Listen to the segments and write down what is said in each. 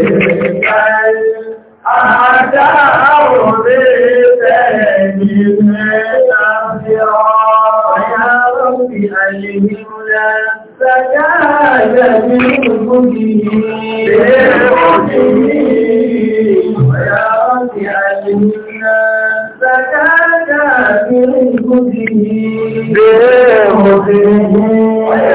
Bẹ́ẹ̀ mo ti rí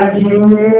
ولكن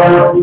world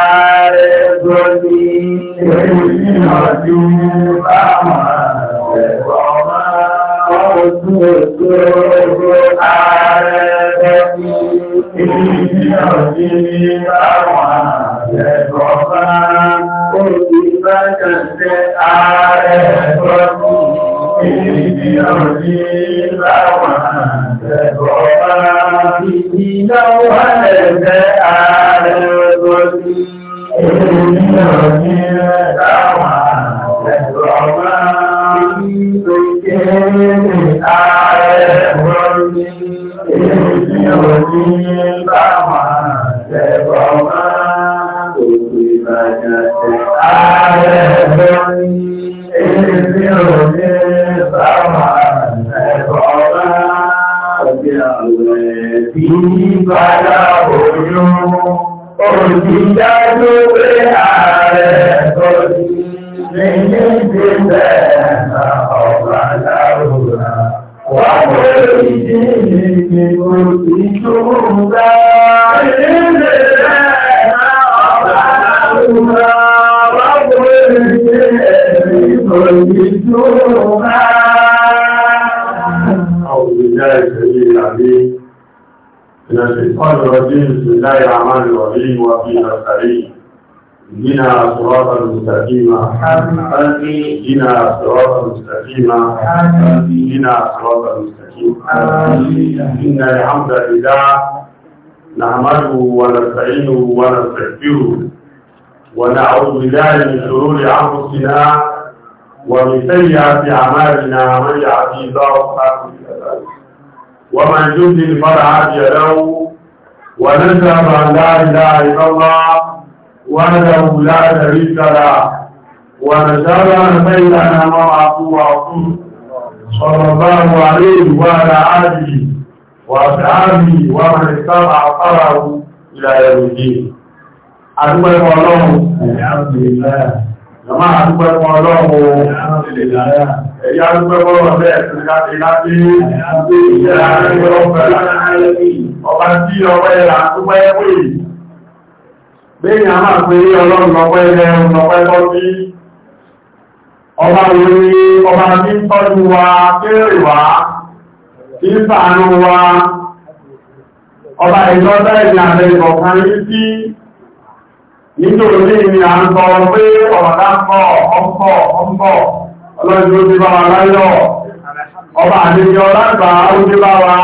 ààrẹ tó ní èyí ọdí báwọn ẹ̀wọ̀n máa ojú ètò ọjọ́ ààrẹ tó ní èyí ọdí báwọn ẹ̀wọ̀n máa ojú bákan tẹ ààrẹ tó ní ènìyàn ní láwọn àtẹ̀bọ̀ máa fi iná wà lẹ́sẹ̀ ààrẹ lórí. Ènìyàn ní láwọn àtẹ̀bọ̀ máa fi ìgbésẹ̀ ààrẹ lórí. Ènìyàn ní láwọn àtẹ̀bọ̀ máa fi ìgbésẹ̀ ààrẹ lórí. Ènìyàn ní. ìbára òyún òjìdájú pé ààrẹ tọ́jú ní ní ìgbésẹ̀ ọ̀pá láwùrán wà pé ìdí ìgbìmọ̀ ìjọ́ قال الرجيم بسم الله الرحمن الرحيم وفي نستعين جنا صراط المستقيم جنا صراط المستقيم جنا صراط المستقيم ان الحمد لله نحمده ونستعينه ونستغفره ونعوذ بالله من شرور انفسنا ومن سيئات اعمالنا من يهدي الله ومن يضلل الفرع له ونشهد أن لا إله إلا الله وحده لا شريك له ونشهد أن سيدنا وعبده ورسوله صلى الله عليه وعلى آله وأصحابه ومن اتبع أثره إلى يوم الدين. الحمد لله Ìjọba àdúgbẹ́ fún ọlọ́run ẹ̀yà àdúgbẹ́ bọ́rọ̀ bẹ́ẹ̀ tó láti láti ṣe iṣẹ́ àárín ọ̀fẹ́ láti ọba tí ọwọ́ ẹ̀rà àdúgbẹ́ pè. Bẹ́ẹ̀ni a máa pè ọlọ́run lọ́pẹ́ ẹ̀rùn lọ́pẹ́ bọ́ sí ọba orí ọba tí ń tọ́jú wa kéré wá, tí ń sàánú wa, ọba ìjọ́dá nítorí ní à ń sọ pé ọ̀dá ń bọ̀ ọ̀pọ̀ ọ̀pọ̀ ọlọ́jọ́ ti bá wa láyọ̀ ọba àdéjọ lágbà ó ti bá wa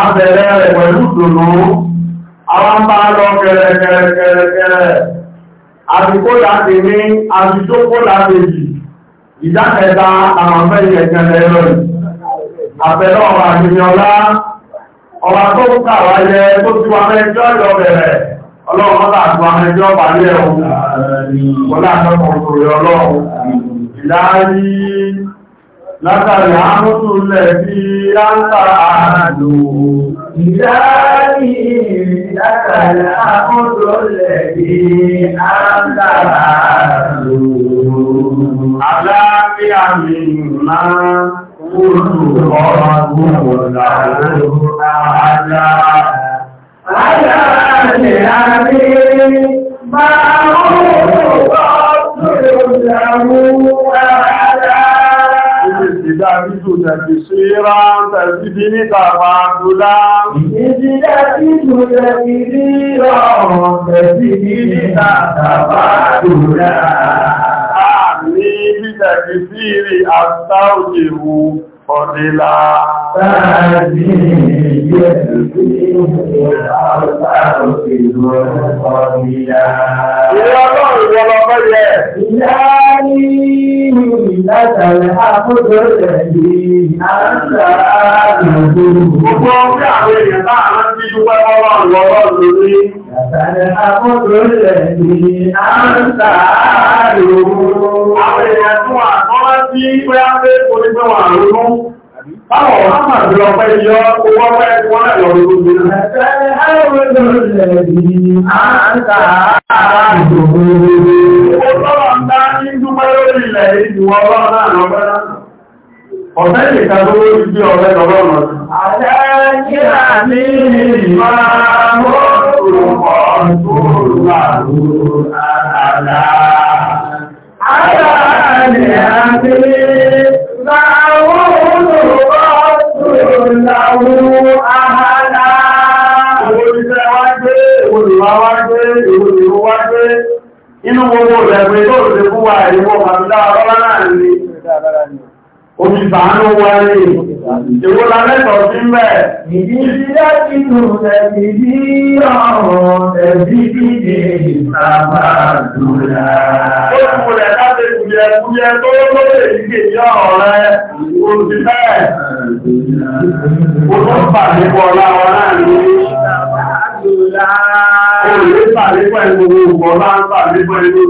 abẹ̀rẹ̀ rẹ̀ pẹ̀lú dùnú àwọn bá lọ kẹrẹkẹrẹkẹrẹ àdìkó láti ní àdìjókó láti jì ìdákẹta àwọn mẹ́rin ẹ̀kẹrẹ rẹ̀ àbẹ̀rẹ̀ ọ̀rọ̀ àdéjọ lá ọba tó ń kà wáyẹ tó ti wà mẹ́jọ́ ìlọ bẹ̀rẹ̀ ọlọ́run mọ́ta àti wọn ẹjọ́ parí ẹ̀hùn wọlá àtọ́kọ̀ òṣòrè ọlọ́run ìdárí látàrí àmútù lẹ̀ bí láńtà àádò ìdárí látàrí àmútù lẹ̀ bí láńtà Aláàrẹ̀ àrí máa ń rọ̀ lórí àwọn ará. Ìjìdá títò tàbí ṣe rán tàbí bí níta máa dúlá. Ìjìdá títò tàbí bí rán tàbí bí níta máa dúlá. Àmì bí tàbí sí rí àtàrò قتلا Ìyá ọlọ́run wọ lọ mọ́lẹ̀. Ìyá ní ìlàtàlẹ̀ àkójọ rẹ̀ ní àṣà àgbàgbò. Gbogbo ọjọ́ àwọn èèyàn láàrín tí dúpẹ́ ọlọ́run lọ́wọ́ lórí. Àtàlẹ́hàmọ́ tó lẹ̀ ní àǹtààrò. Àwọn èèyàn tó wà kọ́ bá sí pé á fẹ́ onígbẹ́ wà rúrú. Báwọn wá máa bí ọpẹ́ yọ owó ọpẹ́ wọ́n rẹ̀ lọ rúrú bí. Àtàlẹ́hàmọ́ tó lẹ̀ ní àǹtààrò. Ó tọ́lọ̀ ń dá ní dúpẹ́ lórí ilẹ̀ ìdíwọ́ ọlọ́run náà lọ́gbẹ́ náà. Ọ̀fẹ́ nìkan tó lórí bí ọ̀rẹ́ lọ́rọ̀ Inú gbogbo ìrẹ̀gbẹ̀ tó rẹ̀ fún wa ìwọ̀n àti dáadáa náà ní Òṣìṣàánú wọlé, ìwò lamẹ́tọ̀ sí mẹ́. Ìdíjí láti nù ẹ̀bí bí ọ̀rọ̀ ẹ̀bí bí ní ìsàmà dùnà. Ó kù rẹ̀ láti kùyẹ kùyẹ tó lóye ìgbè ní ọ̀rọ̀ rẹ̀, òṣìṣẹ́. Ó tó pàdé pọ̀ láwọn láàrin Olùdé pàdé pẹ̀lú gbogbo ọ̀la ń pàdé pẹ̀lú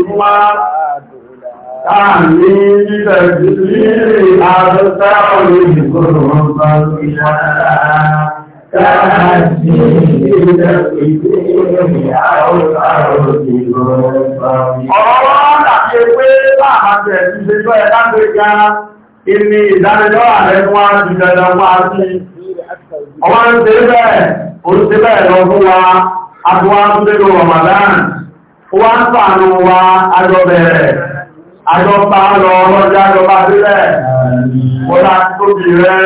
Àmì ìbẹ̀ ìrírí àrùtá orí ìgbòrò ọba ìyá. Káàkiri ìbẹ̀ ìrírí àrùtá orí ìgbòrò ọba ìyá. Ọ̀rọ̀ wọn dàbí pé láàmàtẹ̀ ìṣẹ́jọ́ ẹ̀ lágbé ga ìní ìdánilọ́wà rẹ̀ wá ti dandan wá sí. Ọwọ́ ń ṣe bẹ́ẹ̀, ó ń ṣe bẹ́ẹ̀ lọ fún wa, àbúwá ń ṣe lọ Ramadan, ó wá ń sàánú wa, ajọ́ bẹ̀rẹ̀ àjọpa lọ ọlọ́jà àjọpa sílẹ̀ mọ́lá tóbi rẹ̀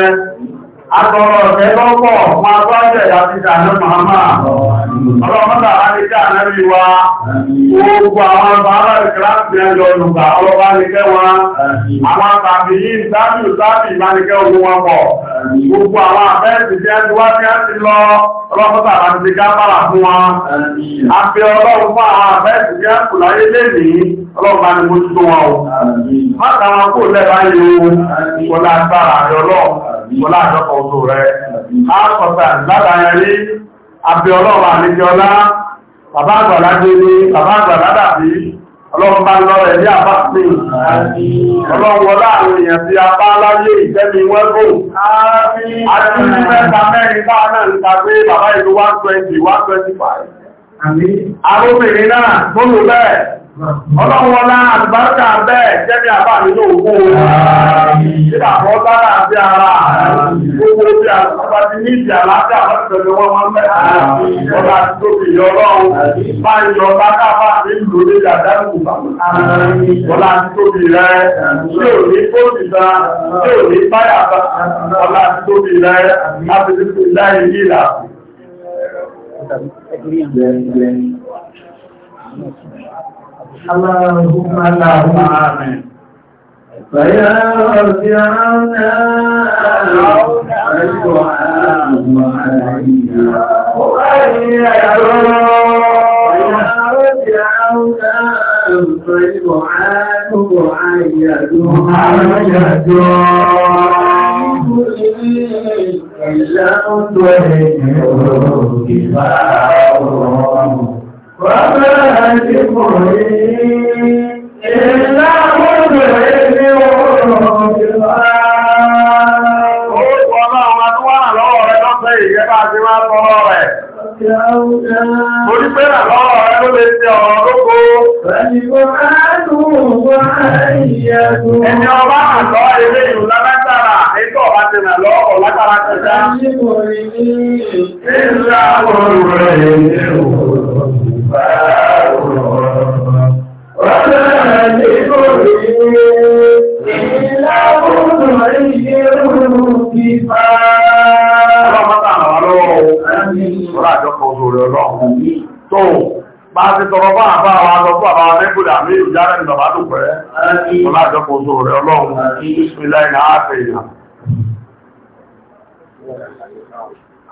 àtọrọ̀ ọ̀fẹ́ lọ́pọ̀ fún agbájẹ̀ àti ìdáná Muhammad ọlọ́mọdà àríkà ànárí wa gbogbo àwọn bàárà ìkìláàsì ẹjọ́ lùgbà ọlọ́bá nìkẹ́ wọn àwọn tàbí yìí sáàbì sáàbì ìbánikẹ́ ogun wọn pọ̀ gbogbo àwọn àbẹ́ẹ̀sì jẹ́ tiwá tí lọ ọlọ́mọdà àti gábàrà fún wọn àfi ọlọ́run fún àwọn àbẹ́ẹ̀sì jẹ́ kùláyé lẹ́nìí ọlọ́mọdà ni mo tún wọn o má tàwọn kò lẹ́bàá yìí o kò lágbára àjọ lọ kò láàjọ kan àbí ọlọ́wà àlejọ́lá bàbá àgbàlá gbélé bàbá àgbàlá dàbí ọlọ́run bá lọ́rọ̀ ẹ̀lẹ́ àbáṣe ọlọ́run wọlá àwọn èèyàn tí a bá láyé ìjẹ́mi wẹ́gbò àti mẹ́ta mẹ́rin bá náà ń tàbí bàbá ìlú 120 125 àróbìnrin náà tó lò bẹ́ẹ̀ Ọlọ́wọ́lá àgbàrúkà bẹ́ẹ̀ jẹ́mi àbá mi ló wó o. Nígbà tó bára àti ara gbogbo bí àtúntà ti ní ìdí àlàáfíà lọ́sọ̀rọ̀ wọn máa ń bẹ̀rẹ̀. Ọlá ti tóbi yọ ọlọ́run. اللهم اللهم آمين فيا ربعنا الدعاء علينا ويا ربعنا الدعاء معيد إلا أنت وإنه كفاء وما ذكري إلا كل علم Orí pé àlọ́rọ̀ ẹ ló lè ṣe ọ̀rọ̀ lóko. Ẹnìkò ánùn wá ìyàgò. Ẹni ọba àlọ́ ilé ìlú lágbàtàrà, ètò ọba ti rà lọ́ọ̀ọ̀ lágbàrá kẹta. Ẹnìkò rí ní ìlú àwọn ọ̀rọ̀ ẹ̀yẹ̀ òkú tó bá ti tọrọ bá àbá àwọn àtọ́kọ́ àwọn ẹgbùdà mí ìjára ní bàbá lùpẹ́ ọlá àjọpọ̀ oṣù rẹ̀ ọlọ́run ìsìnlẹ̀ ìnáàfẹ́ ìyàn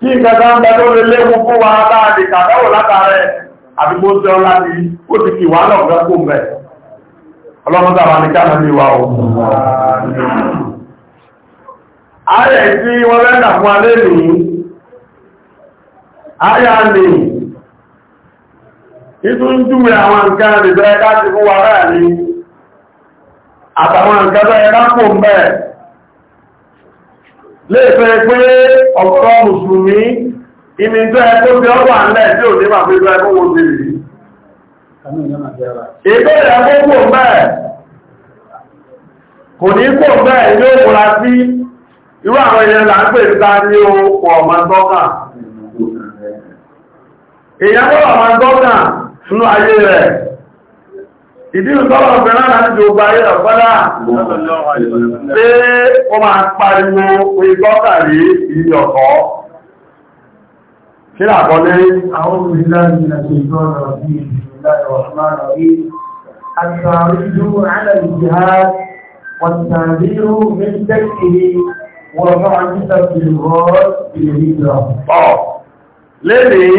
kí ìgbàgbà ń bẹ léwu fún wa láàrin kàdáwò látàrẹ àdúgbò láti ó ti kì wá lọ́gbẹ́ kó mẹ́ ọlọ́mọdé ní wa o ààrẹ tí wọ́n rẹ́nà fún alẹ́ ìtú ń àwọn nǹkan rẹ̀ bẹ́ẹ̀ rẹ̀ ní àtàwọn léèfẹ́ pé ọ̀pọ̀ mùsùlùmí ìmì tó ẹ bí ọ ńlẹ̀ tí ò ní wà pé ẹgbẹ́ owó ti rí ìbẹ̀rẹ̀ mẹ́ẹ̀ kò ní mẹ́ẹ̀ ní ó múra sí irú àwọn èèyàn là ń pè ìdí ìtọ́lọ̀ ọ̀fẹ́rán láti jò gba ayé ọ̀fọ́lá pé ó máa pariwo ìgbọ́kàrí ìyí ọ̀kọ́ kí làkọ́lé àwọn olùdíláàrin àti ìjọ́rọ̀ bí ìdíláàrin ọ̀sán rí àtàríjú alàìjíhá wàtàríjú mẹ́tẹ́kìrí wọ́n máa ń tàbí rọ́ ìrìnlọ lẹ́nìí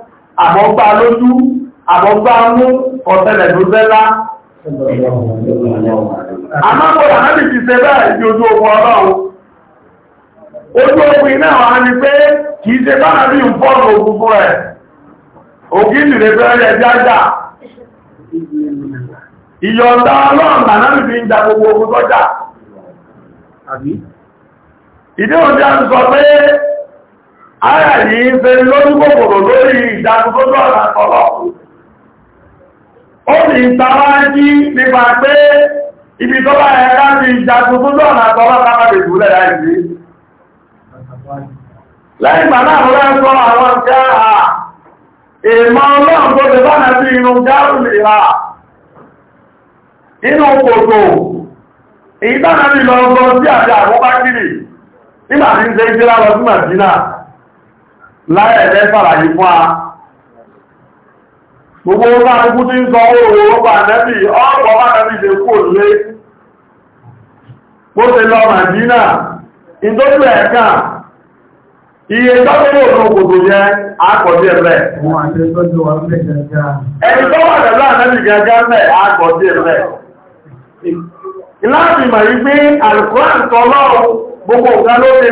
àbọ̀gbá lójú àbọ̀gbá mú ọ̀tẹ̀lẹ̀ ló bẹ́lá àmọ́bọ̀lá náà ti ṣe bẹ́ẹ̀ ibi ojú ogun ọlọ́run ojú ogun iná wà ní pé kìí ṣe bá bí ń fọ́nà ogun fún ẹ̀ bẹ́ẹ̀rẹ̀ náà fi ara yìí nfe lórí kòkòrò lórí ìdánilójú ọ̀nà ọlọ́pù ó sì jí nípa pé ibi tó bá ẹ̀ká ti ìdánilójú ọ̀nà ọlọ́pàá lè gúnlẹ̀ láìsí lẹ́gbà àwọn ìmọ̀ ọlọ́run tó bá náà láyẹ̀lẹ́ sàlàyé fún a gbogbo ọgbà gbogbo tí ń sọ oòrùn ọgbà nẹ́bì ọgbà bá nẹ́bì lè kó lé bó ṣe lọ màdínà ìdójú iye tọ́gbọ́n òun jẹ́ àkọ̀dí ẹ̀rẹ́ gbogbo ló ti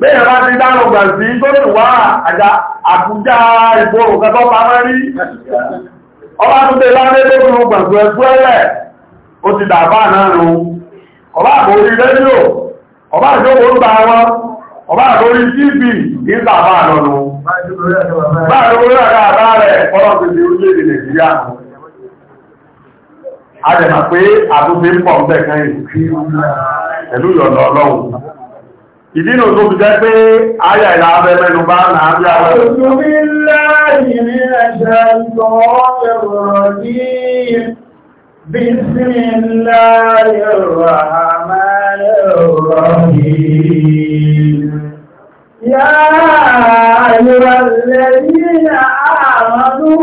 Béèyàn bá ti dáhùn gbà tó sì wá àjà àbújá ìgboro kẹtọ́ pamọ́ rí. Ọba tó dé láńdé tó fi gbàgbé ẹgbẹ́ ó ti dàbà náà Ọba ọba ń ọba TV ní ìdínà tó fi jẹ́ pé ayà ìlà abẹ mẹ́nu bá nà á bí àwọn Bismillahirrahmanirrahim. Ya ayyuhal ladina amanu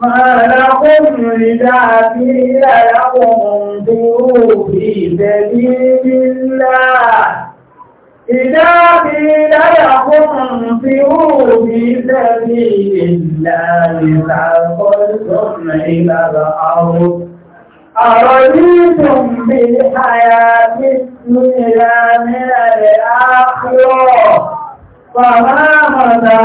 ما لهم إذا قيل لهم انفروا في سبيل الله إذا قيل لهم انفروا في سبيل الله فقلتم إلى الأرض أرضيتم بالحياة الدنيا من الآخرة Bàbá àmọ̀ta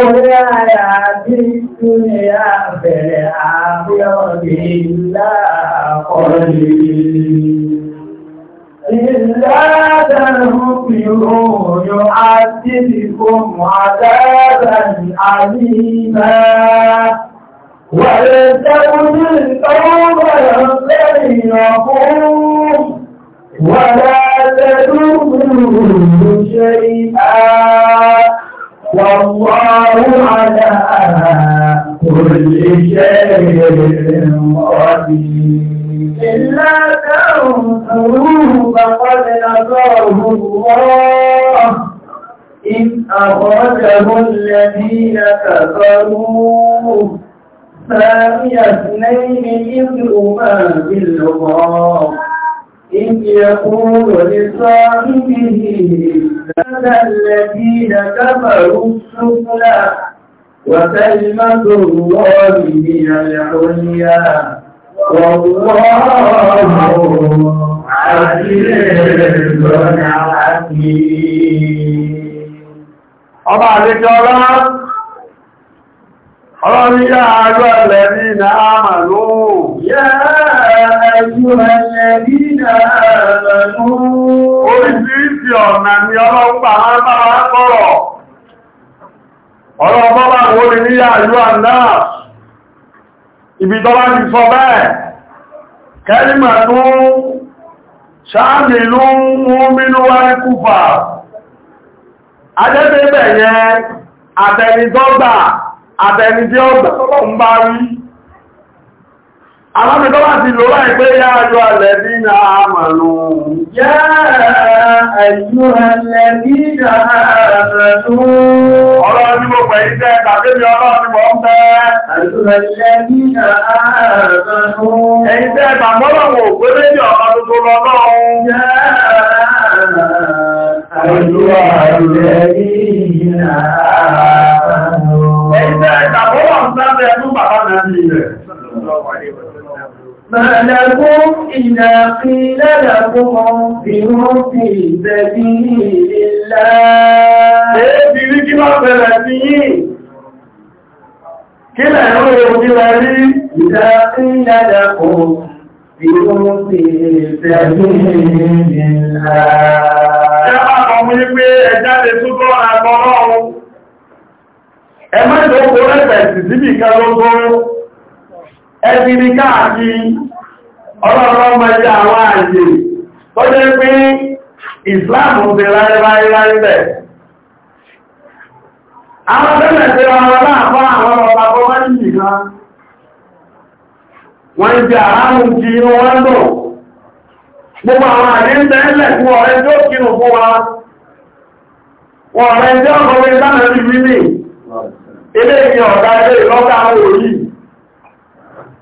orí àyà tí tú ní àbẹ̀rẹ̀ àbíọ̀dé ńlá àkọlé. Ìlà àdàrùn fi òòyàn àti ìfòmù àdáàbàní àríbá. Wàlẹ̀ tẹ́kùnú ìtọ́wọ́ lẹ́yìn ọkùnrin. Wàlẹ̀ tẹ́kùnú ìṣẹ́ ìhà. والله على كل شيء قدير إلا تنصروه فقد نصره الله إن أخرجه الذين كفروا ثاني اثنين إذ هما بالغار إذ يقول لصاحبه هذا الذين كفروا السفلى وكلمة الله هي العليا والله عزيز حكيم ọba àlejò ọlá ọlọ́rin yáà àjọ ẹ̀lẹ́ni náà màlúù yáà أيها الذين آمنوا Oríṣiríṣi ọ̀nà ni ọlọ́pàá máa bá wá kọ́rọ̀. Ọlọ́pàá bá wó ní níyà ìlú àndá. Ibi tọ́lá ti sọ bẹ́ẹ̀. Kẹ́lìmà tó ṣáàmì ló ń mú mínú wá ní kúfà. Adẹ́bẹ̀bẹ̀ yẹn, àtẹnidọ́gbà, àtẹnidọ́gbà tọ́lọ́ ń bá rí. Àwọn mi lọ́wọ́ ti lò láì pé yá àjọ àlẹ́bí na àmàlù. Yá àjọ àlẹ́bí na àmàlù. Ọlọ́run ní mo pẹ̀ iṣẹ́ tàbí mi ọlọ́run ní mo ń bẹ́. Àjọ àlẹ́bí na àmàlù. Ẹ̀yìn tẹ́ tàbọ́lọ̀wọ̀ ògbélé ọ̀pá tuntun lọ́lọ́run. Yá àjọ àlẹ́bí na àmàlù. Ẹ̀yìn tẹ́ tàbọ́lọ̀ ما لكم إذا قيل لكم انفروا في سبيل الله ẹ̀ẹ́dìrí kí máa bẹ̀rẹ̀ sí yìí kí lẹ́rọ òbí rẹ̀ rí إذا قيل لكم انفروا في سبيل الله Ẹ máa kọ̀ mú ní pé ẹjáde ẹbìrì káàkiri ọlọ́rọ̀ ọmọ ẹjẹ́ àwọn àyè tó jẹ́ pé àwọn tẹ́lẹ̀ tí ọmọ láàpá àwọn ọba kọ́ kan wọ́n jẹ́ kí wọ́n lò gbogbo àwọn àyè ń tẹ́lẹ̀ fún ọ̀rẹ́ tí ó kírù wọ́n ọ̀rẹ́ ilé àwọn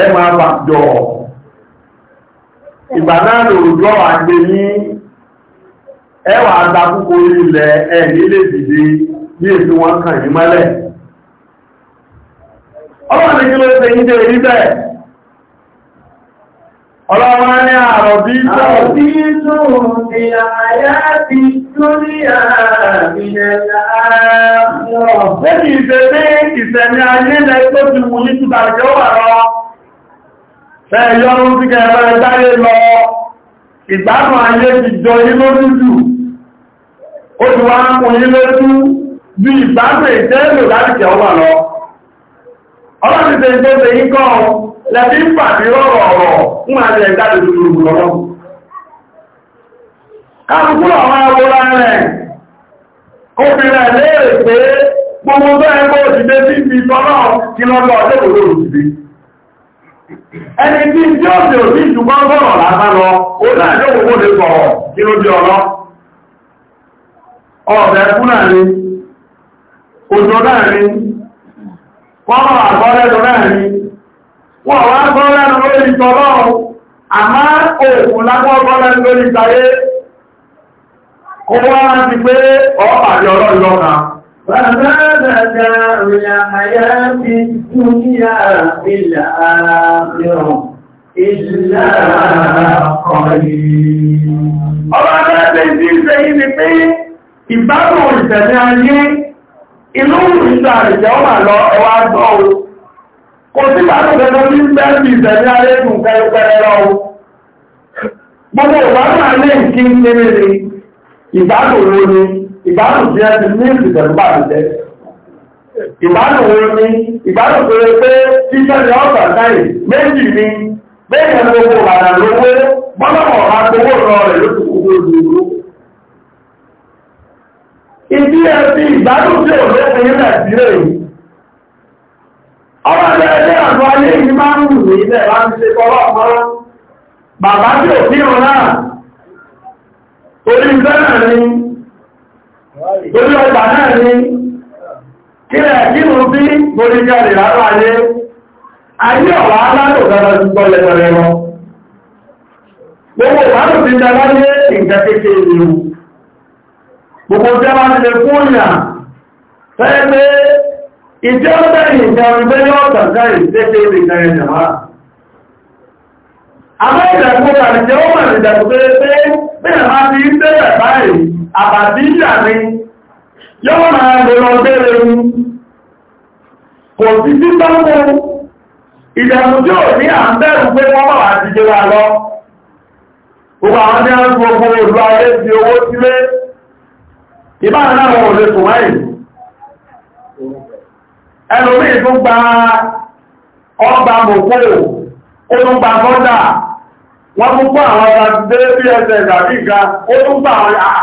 ẹ máa ìgbà náà lòójọ́ àgbè ní ẹwà àtàkùkò ilẹ̀ ẹ̀ nílé dìde ní èsì wọn kàn yí mọ́lẹ̀ ọlọ́run ní ló ṣe yíde rí bẹ́ẹ̀ ọlọ́run ní àrọ̀bí tó ẹ̀yọ́rún sí kẹrẹ dáyé lọ ìgbádùn ayé ti jọ ilé lójú ó ti wá ń kún ilé tú bí ìgbádùn ìtẹ́lò láti kẹ ọwà lọ ọlọ́rin tẹ́ tó tẹ́ yíkọ́ lẹ́bí pàdé rọrọ̀ ọ̀rọ̀ fún àjẹ́ ìdájẹ́ lójú lọ́rọ̀ kárùkúrọ̀ ọmọ agbóra rẹ̀ obìnrin ẹ̀ léèrè pé gbogbo bẹ́ẹ̀ bó ti dé sí ibi tọ́lọ́ kí lọ́lọ́ ọjọ́ òjò òjò ẹni tí tí ó sì òsì ìṣùgbọ́n sọ̀rọ̀ lọ náà òwò lè sọ̀rọ̀ kí ló di ọlọ́ ọ̀fẹ́ kú náà òjò náà ni kọ́rọ̀ àgbọ́lẹ́nu wọ́n wá gbọ́lẹ́nu lórí tọ́lọ́ àmá lórí Bàbá bàbá rìnà àyà ti dúníà ilẹ̀ ara mìíràn, ilẹ̀ ọ̀rẹ́. Ọba bẹ́ẹ̀ Kò sí bàbá bẹ́ẹ̀ sí bẹ́ẹ̀ sí ìṣẹ̀lẹ̀ ayé tún fẹ́rẹ́fẹ́rẹ́ lọ Gbogbo ìbáwọn alẹ́ ìkí ń tẹ́lẹ̀ ìbáwọn lórí. ìgbádùn tí a ti ní ìpìtẹ̀lú bà ní jẹ́ ìgbádùn wo ni ìgbádùn tó pé títẹ́ ní ọ̀sà náà méjì ni bẹ́ẹ̀ ni gbogbo ọ̀nà lówó bọ́lọ̀mọ̀ ọ̀nà gbogbo ọ̀nà rẹ̀ ló ti kúrò lóru ìdí ẹ̀sí ìgbádùn tí ò lóko ní nàìjíríà yìí ẹgbẹ́ ayé yìí máa ń wù ní ilẹ̀ Torí ọjà náà ni, kílẹ̀ kínú bí borí jáde lára ayé, ayé ọ̀wà aládòdára ti gbọ́ lẹ́gbẹ̀rẹ̀ wọn. Gbogbo ìwádò ti jẹ láyé ìjẹ kékeré ìlú. Gbogbo jẹ́ máa ti lè fún ìyà, fẹ́ pé ìjẹ́ ọ̀tẹ́ ìjẹ́ ọ̀tẹ́ ọ̀tẹ́ ìjẹ́ kékeré ìjẹ́ ìjẹ̀má. Àmọ́ ìdàkúta ìjẹ́ ó mọ̀ ìdàkúta pé bẹ́ẹ̀ máa ti ń tẹ́lẹ̀ báyìí àbàdíyà ni yọ́wọ́ máa lọ́rọ̀ bẹ́rẹ̀ mú kò sí sí tọ́kù ìdàmù tí ò ní à ń bẹ̀rù pé wọ́n bá wà ti jẹ́ wa lọ gbogbo àwọn ní àwọn gbogbo olú ayé ti owó sílé ìbára náà wọ́n lè tún wáyìí ẹlòmí tún gba ọgbà mòkó ó tún gba mọ́dà wọ́n tún kó àwọn ọ̀rọ̀ àti délé bí ẹsẹ̀ ìgbà bí ìgbà ó tún gba àwọn àà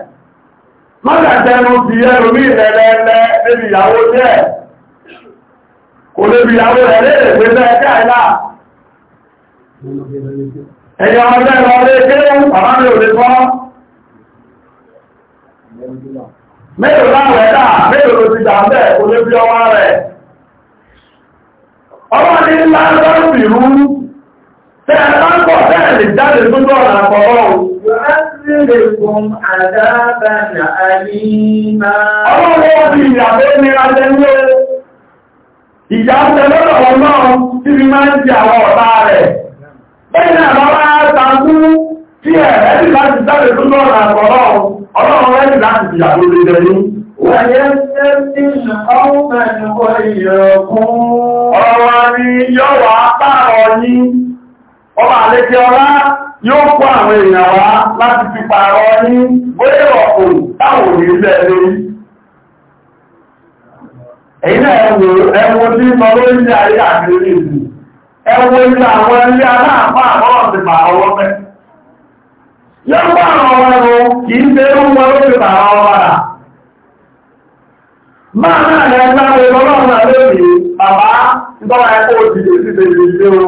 Mọ́gà tẹnu ti ẹnu ní ìrẹ̀lẹ́lẹ́ níbi ìyàwó jẹ́. Kò lè bí ìyàwó rẹ̀ lè pé mẹ́ẹ̀kẹ́ àìlá. Ẹ̀yà ọjọ́ ìwọ̀n lè kéwú, bàbá mi ò lè fọ́. Mélòó láwẹ̀ dà, mélòó ló ti dà ń bẹ̀, kò lè bí ọwá rẹ̀. Ọmọ ní ńlá ń lọ́rùn ìrú. Tẹ́ẹ̀ bá ń pọ̀ tẹ́ẹ̀ lè jáde tó يعذبكم عذابا أليما ọlọ́wọ́ ti ìyàwó nira lẹ́lẹ́ ìyà tẹ́lọ́rọ̀ ọlọ́run tí fi máa ń jẹ àwọn ọ̀tá rẹ̀ bẹ́ẹ̀nà bàbá tàbí tí ẹ̀rẹ́ ti láti sáré tó lọ́rọ̀ àkọ́rọ̀ Ọ̀rọ̀ ni yóò kó àwọn èèyàn wá láti fi pààrọ̀ ní bóyá ọ̀pọ̀ táwọn òní lórí. èyí náà ẹwọ tí ń lórí ayé àti orí ìlú ẹwọ àwọn ilé aláàpá àbọ̀rọ̀ ti pààrọ̀ wọ́n fẹ́. yóò ọmọ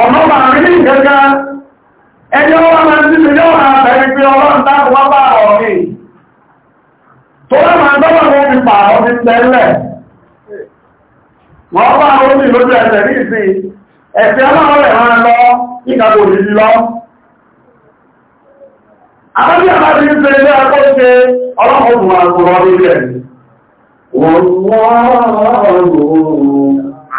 ọ̀nà máa rí ìgẹ́gẹ́ ẹjọ́ wọ́n máa ń sílẹ̀ ọha máa bẹ̀rẹ̀ pé ọlọ́run tákù wá bá ọ̀rọ̀ mi tó lè gbọ́gbọ́ mọ́ fi pa ọ̀rọ̀ tẹ́lẹ̀ wọ́n bá ọ̀rọ̀ mi lójú ní ìsìn ẹ̀sẹ̀ ọlọ́run rẹ̀ máa lọ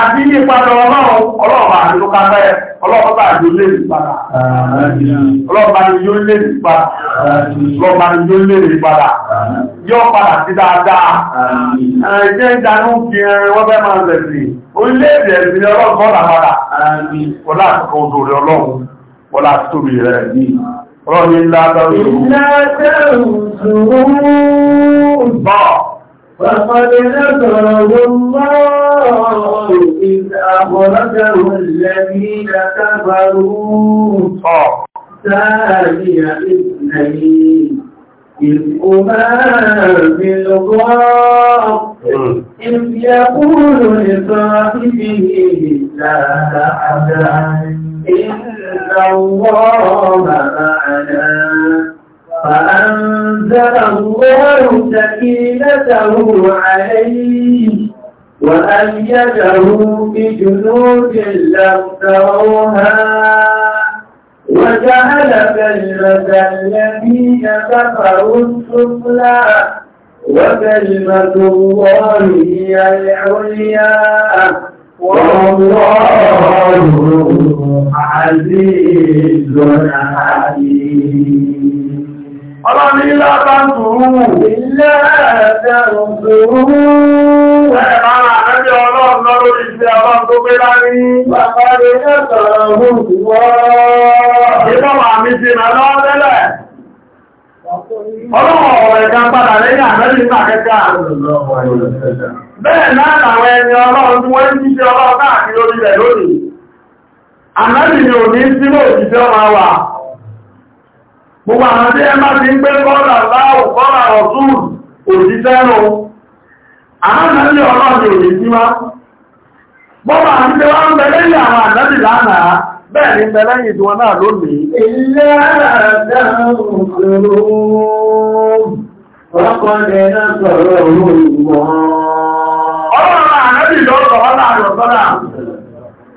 àti ní ìpadà ọlọ́run ọlọ́ọ̀bà àdúró káfẹ́ ọlọ́ọ̀bà àdúró lè rí padà ọlọ́ọ̀bà ni yóò lè rí padà ọlọ́ọ̀bà ni yóò lè rí padà yóò padà sí dáadáa ẹ̀jẹ́ ìdánú kí ẹrin wọ́n bẹ́ máa lẹ̀ orílẹ̀-èdè ẹ̀sìn ọlọ́ọ̀bà فقد نصره الله إذ أخرجه الذين كفروا ثاني اثنين إذ هما في الغار إذ يقول لصاحبه لا تحزن إن الله معنا فأنزل الله سكينته عليه وأيده بجنود لم تروها وجعل كلمة الذين كفروا السفلى وكلمة الله هي العليا والله عزيز حكيم Ọlọ́run ilá bá ń gùrú. Ilé ẹ̀ẹ́dẹ̀ ń gùrú. Ẹ̀rọ àrẹ́bí ọlọ́run lọ́rọ̀ ìfẹ́ ọlọ́run tó gbé lárí. Bàbá rẹ̀ sọ̀rọ̀ ti rà lọ́wọ́ tẹ́lẹ̀. Ọlọ́run ọ̀rọ̀ ẹ̀ka padà lẹ́yìn àmẹ́lì Bẹ́ẹ̀ náà làwọn ẹni ọlọ́run tí wọ́n ń gbogbo àwọn tí ẹ má ti ń gbé kọ́lá láàrù kọ́lá ọ̀tún òjíṣẹ́ rọ àánàlẹ́ ọlọ́dẹ̀ òní tí wá gbogbo àwọn tí wá ń bẹ lẹ́yìn àwọn àdẹ́dì lánàá bẹ́ẹ̀ ni bẹ lẹ́yìn tí náà lónìí ilé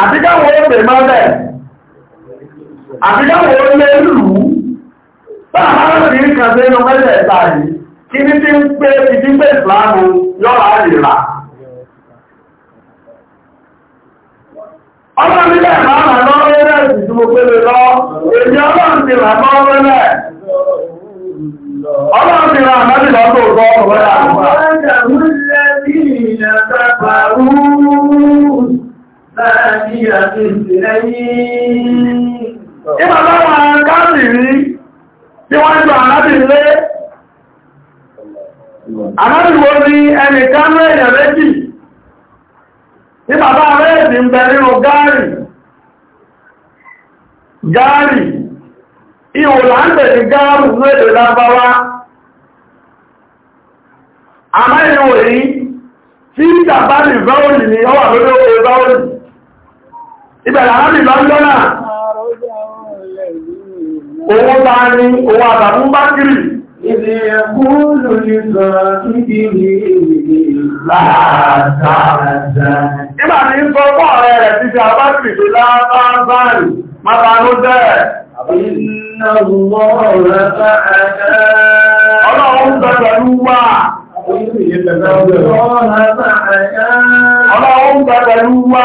àbídáwọ̀ ó pè máa bẹ̀ àbídáwọ̀ ó lé lù báà máa kan sí inú mẹ́lẹ̀ ẹ̀ta yìí kí ní tí ń pé ìdí pé ìsìláàmù yọ́ra ọmọ nílẹ̀ máa rà lọ́wọ́ ẹ̀rẹ́ ìsìnkú mo pé lọ èyí ọlọ́run ti rà Ìgbà láwọn rí tí wọ́n láti àrábìnlé, àrábìnwó ni ẹnìkan rẹ̀ méjì, ní rẹ̀ èdè ń bẹ nínú gáàrì, gáàrì, ihò láńtẹ̀ ní gáàrù ní èdè lábáwá, àmá ihò èyí tí ìjàbá báwọ̀lì ni ọwà lórí Ìbẹ̀rẹ̀ àárín bá ń lọ́nà. Owó bá ní owó àbàmú bá kiri. Ìdí ẹ̀kúrò ní sọ níbi ní ìlàtàtà. Ìgbà ní sọ fọ́ ọ̀rẹ́ Ọlọ́run gbẹ̀gbẹ̀lú wà. Ọlọ́run gbẹ̀gbẹ̀lú wà.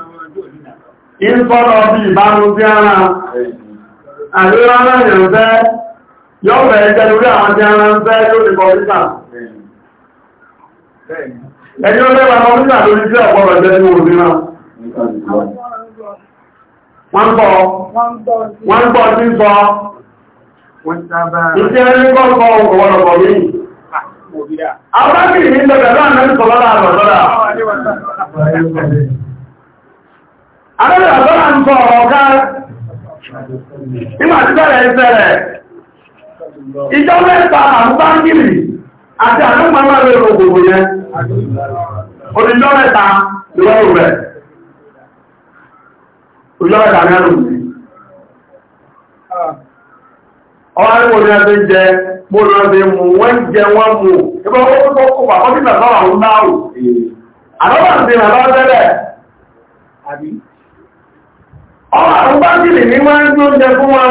ìfọ́lọ̀ bí ìbámu sí ara àríwá lẹ́yìn fẹ́ yóò bẹ̀rẹ̀ jẹ́ lórí àwọn tí ara ń fẹ́ lórí kọ̀ọ̀lítà ẹni ó lẹ́wà kọ̀ọ̀lítà lórí tí ọ̀pọ̀lọ̀ jẹ́ ní Àwọn akìrì ní ìjọba láàrín sọ lọ́la àrọ̀ Adébẹ̀ àbọ́lá ń sọ ọ̀rọ̀ ká nígbà Ìjọ mẹ́ta àwọn báńkìlì àti àdúgbàmọ́ rẹ̀ ògbògbò yẹn. Òdìjọ mẹ́ta lọ́rù rẹ̀. Òdìjọ mẹ́ta mẹ́rù. Ọwá ní mo ní ẹgbẹ́ jẹ, mo lọ mú, wọ́n jẹ wọ́n mú. ọmọ àwọn bájìlì ní máa ń gbé oúnjẹ fún wa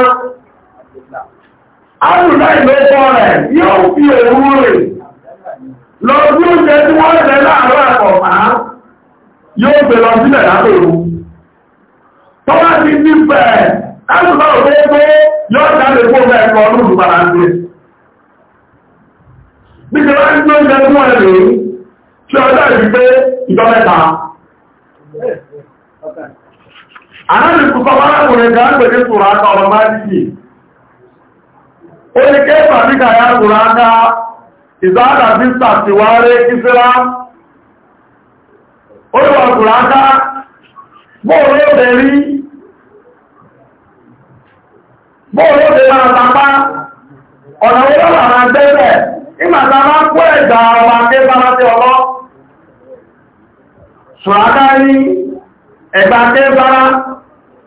áàrùn láìpẹ́ sọ rẹ̀ yóò fi òru rẹ̀ lọ sí oúnjẹ tí wọ́n rẹ̀ láàárọ̀ àkọ̀ọ̀má yóò gbé lọ sílẹ̀ látòru tó bá ti ní fẹ́ áàrùn náà pé pé yóò jáde fún ọmọ ẹ̀kọ́ lóòrùn balance bí ti máa ń gbé oúnjẹ fún ẹ̀rẹ̀ tí ọjọ́ ìgbé ìjọ mẹ́ta àárín kúfà wárakùnrin ga ń gbèdé tòrò aka ọ̀rọ̀ máa Onye ike ní kéfà ya tòrò aka ìzáàdà sí sàtíwárí ìsílá o ní wà aka bóòrò ó rí bóòrò ó máa tapá ọ̀nà owó lànà ní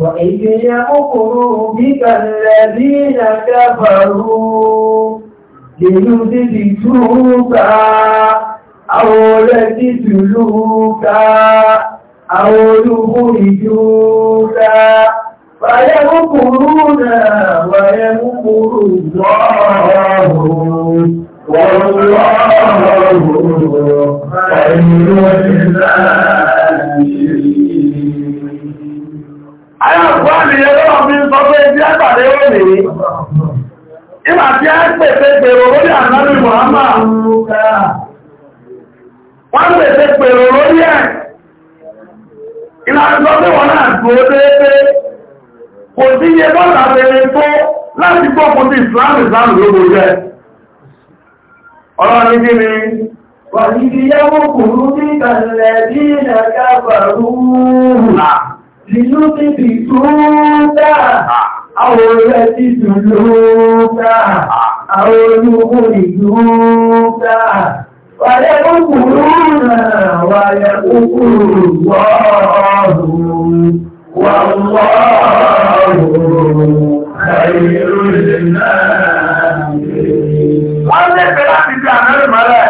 وإذ يمكر بك الذين كفروا ليثبتوك أو يقتلوك أو يخرجوك فيمكرون ويمكر الله والله خير الناس Aláàbò àmìyàn lọ́wọ́ fi ń sọ pé bí àgbàdé ó lè ní. Ìgbà tí a ń pèsè pèrò lórí ànábì Mùhámà. Wọ́n pèsè pèrò lórí ẹ̀. Ìlànà sọ pé wọ́n náà dúró déédéé. Kò sí iye bọ́ọ̀lá fèrè tó láti gbókun ti ìsìláàmù ìsìláàmù lóbo jẹ́. Ọlọ́run ní kí ni Wàlídìí yẹ́wò kùrú bí kàlẹ̀ bí ìrẹ̀ká pàrú. Nínú ti fi túúta, àwòrẹ́ ti túúta, àwòrúkú ìtúúta. Wàlẹ̀ kúkúrú náà, wàlẹ̀ kúkúrú wọ́ọ̀rùn, wà wọ́ọ̀rùn, àìrò lè náà. Wọ́n lè fẹ́ láti fi àmẹ́rẹ̀ mọ́lẹ̀.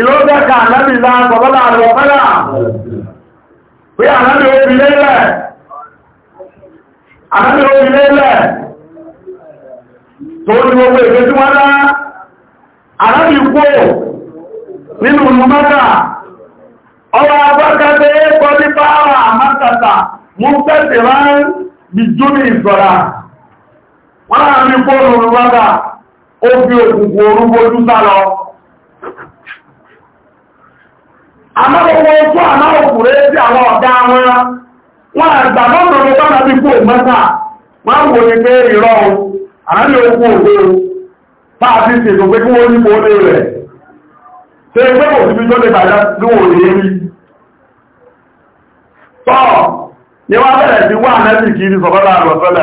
ìlọ́gbẹ́ ka ànábì láà sọ̀bọ́lá àlọ́bọ́lá pé ànábì ó fi lélẹ̀ ànábì ó fi lélẹ̀ tó ní gbogbo èdè tí wọ́n dá ànábì kú nínú mọ́ta ọwọ́ abọ́kẹ́gbẹ́ bọ́dí pàwà mọ́tàtà mú pẹ́sì rán bí júmì ìsọ̀rà wọ́n láàrin kó lórí wádàá o bí òkùnkùn orúgbó dúsá lọ àmọ́gbogbo ojú àmá òkùnrin sí àwọn ọ̀dá wọn wọ́n àgbà mọ́nà Nwa bá nàbí kú mẹ́ta wọ́n wò ní pé ìrọ̀ àmì òkú òkú fáàbí sí ètò pé kí wọ́n ní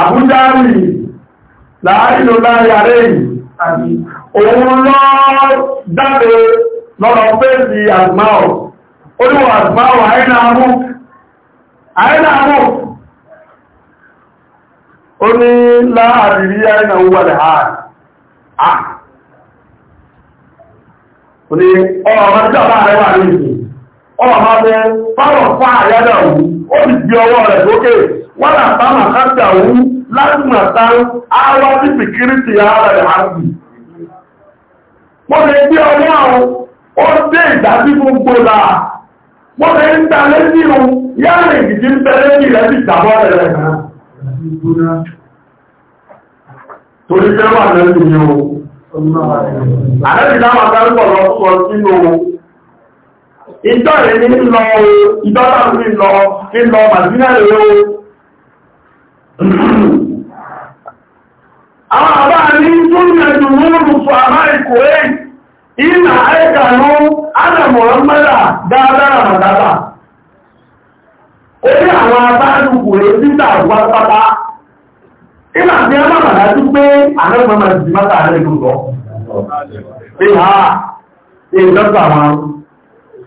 àbújárì láàrínlò láàrin yìí òun lọ dáre lọ́rọ̀ pẹ́sì àgbáwọ̀ olúwọ̀ àgbáwọ̀ àìnàmú àìnàmú ó ní láàrín àìnàmú wà lè ha ọ̀rọ̀ ọ̀rọ̀ tí ọ̀rọ̀ àrẹwà ní ìsìn ọ̀rọ̀ ó sì gbé ọwọ́ rẹ̀ lókè wọ́n là bá mà ká jà wú láti mà tán áwá ara rẹ̀ àgbì wọ́n lè gbé ọwọ́ àwọn ó dé ìdájí gbogbo là wọ́n ń ta létí o yára ìdíjí ń ní ìjọ́ rẹ̀ ní lọ ìjọ́lá ní lọ ní lọ màdínà rẹ̀ o àwọn àbá ní túnmẹ̀ jùlọ rùfù àmá ìkò ẹ̀ ìlà ẹ̀kànú alẹ́mọ̀rán mẹ́lá dáadára màdára orí àwọn abá lùkù rẹ̀ títà wá ìlà tí a tí pé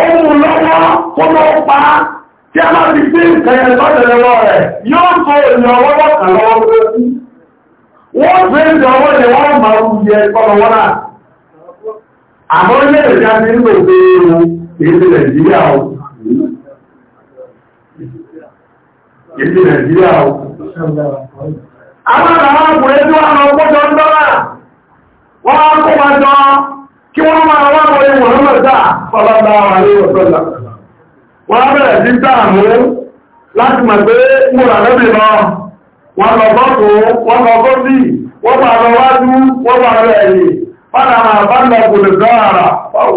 ohun lọ́wọ́ kó lọ pa tí a máa fi gbé ìkẹyẹ lọ́dẹ̀lẹ́wọ́ rẹ̀ yóò tó ènìyàn ọwọ́wọ́ kan lọ́wọ́ tó sí wọ́n tó ènìyàn ọwọ́ ni wọ́n máa ń yẹ ìkọlọwọ́ náà àmọ́ ilé ìjà ti ń lò pé ewu èdè nàìjíríà o èdè nàìjíríà o àwọn àwọn àkùnrin tí wọ́n lọ kó jọ ń dọ́là wọ́n á kó wọn jọ kí wọ́n máa wá wọlé Muhammad dáa fọ́lọ́lá àríwọ̀ sọ́lá wọ́n bẹ̀rẹ̀ sí dáàmú láti mọ̀ pé múra lẹ́bì lọ wọ́n lọ bọ́tù wọ́n lọ bọ́tì wọ́n bá lọ wájú wọ́n bá lọ máa bá lọ kò lè wọ́n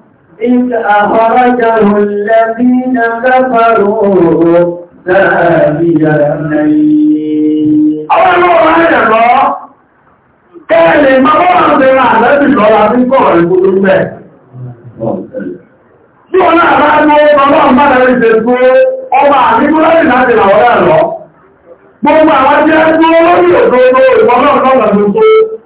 إذ أخرجه الذين كفروا ثاني اثنين الله الله كان ما هو غير عذاب الله من قوة القلوب Bí wọn náà bá ní ọlọ́run bá lẹ́rí ṣe tó ọba àdíkú lórí láti làwọ́rẹ́ lọ. Gbogbo àwọn jẹ́ tó lórí òdòdó ìfọ́lọ́run náà lọ́gbọ̀n tó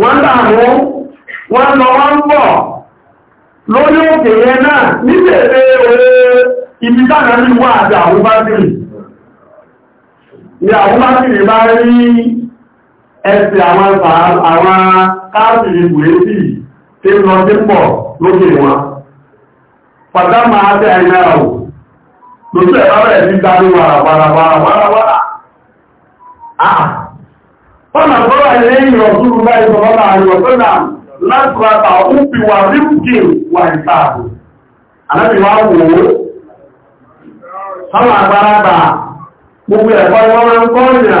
wọ́n mú wọ́n lọ wọ́n ń bọ̀ lórí òkè yẹn náà nígbèrè orí ibi tánà ní wà àti ni àwúbátìrì bá rí ẹsẹ̀ àwọn káàkiri bùrẹ́sì tí ń lọ sí pọ̀ lókè wọn pàtà máa tẹ́ ẹ̀yà ò dáríwà wàràwàràwàràwàrà ah! Fọ́nà bọ́rọ̀ ẹ̀lẹ́yìn ọ̀dúrú láì sọ̀rọ̀ láàrin ọ̀sọ́nà látìrátà òpin wà rípkì wà ìtààbò. Àlẹ́bì wá wò ó. Sọ́nà àgbàrágbà, gbogbo ẹ̀kọ́ ìwọ́n ń kọ́ ìrìnà,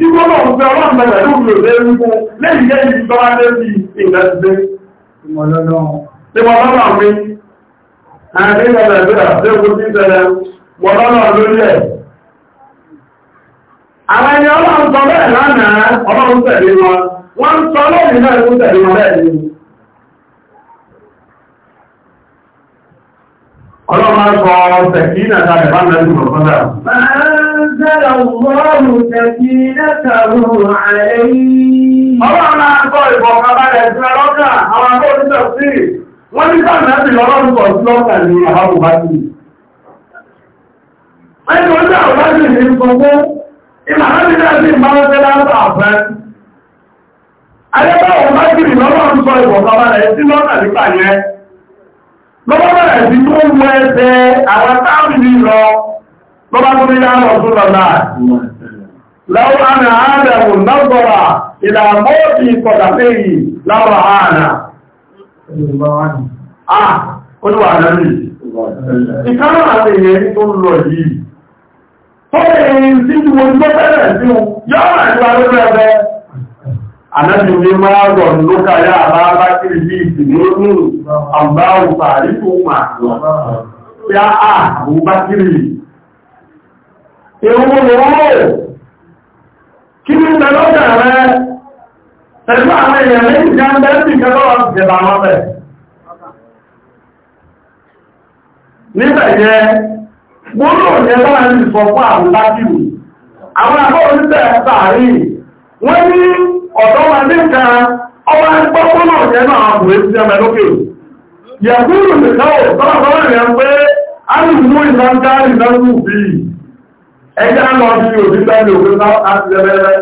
Tí wọ́n lọ fẹ́ ọlọ́run mẹ́rẹ̀ ló lò lẹ́rú fún lẹ́yìn jẹ́ ìlú tọ́lá lẹ́bí ìgbàgbé. Ìmọ̀lọ́lọ́run. Tí wọ́n lọ́nà pé, àárín ìlànà ìgbéra tí ó kú sí ìṣẹ̀lẹ̀ wọ́n lọ́nà lórí ẹ̀. Àwọn ẹni ọlọ́run sọ bẹ́ẹ̀ lánàá ọlọ́run tẹ̀lé wọn, wọ́n ń sọ lẹ́yìn náà ìlú tẹ̀lé wọn bẹ́ẹ̀ ni. Ọlọ́run máa ń sọ ọ̀sẹ̀ kí náà ta ẹ̀bá mẹ́rin mọ̀ أنزل الله سكينته عليه Ọlọ́run àkọ́ ìfọ̀kàbálẹ̀ sí ọlọ́kà àwọn akọ́sílẹ̀ sí wọ́n ní sáàmì láti lọ́rọ̀rùn pọ̀ sí lọ́kà ní àwọn òbájú. Ẹni wọ́n jẹ́ òbájú ní ń sí nípa yẹn. Lọ́wọ́ bẹ̀rẹ̀ sí tó ń bọ́bá tó ní láàrín ọdún lọ́la lọ́wọ́ àmì àádẹ́mù lọ́gbọ̀rà ìlàmọ́ ti kọ̀dà péyì láwọ̀ àánà ah olúwà lẹ́rí ìkánà àti ìyẹn tó ń lọ yìí tó èyí sí ìwò tó tẹ́lẹ̀ sí yọ́rọ̀ ìlú arẹ́rẹ́ Ànájú ní máa rọ̀ lókà yá àbá bá kiri bí ìsìnkú ní àbá òfà àríkò máa lọ. Yá àà, àbúbá kiri ìwọ̀n lọ́wọ́ kí ní ìtẹ̀lọ́gbà jẹ́ ní sọ fún àwọn lábìrì àwọn akọ́wọ́ wọ́n ní ọ̀dọ́ wọn ní nǹkan ọwọ́ náà àwọn ẹmẹ lókè nìkan ò ní ẹjẹ́ lọ sí òdígbà ní òfin náà láti lẹ́lẹ́lẹ́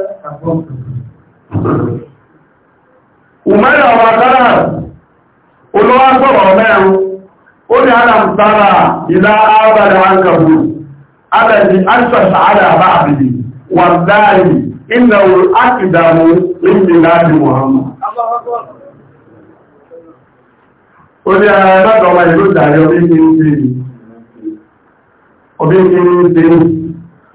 Umar ọmọ olówá sọ̀rọ̀ mẹ́rin ó ní àbìdì wà dáàrí ní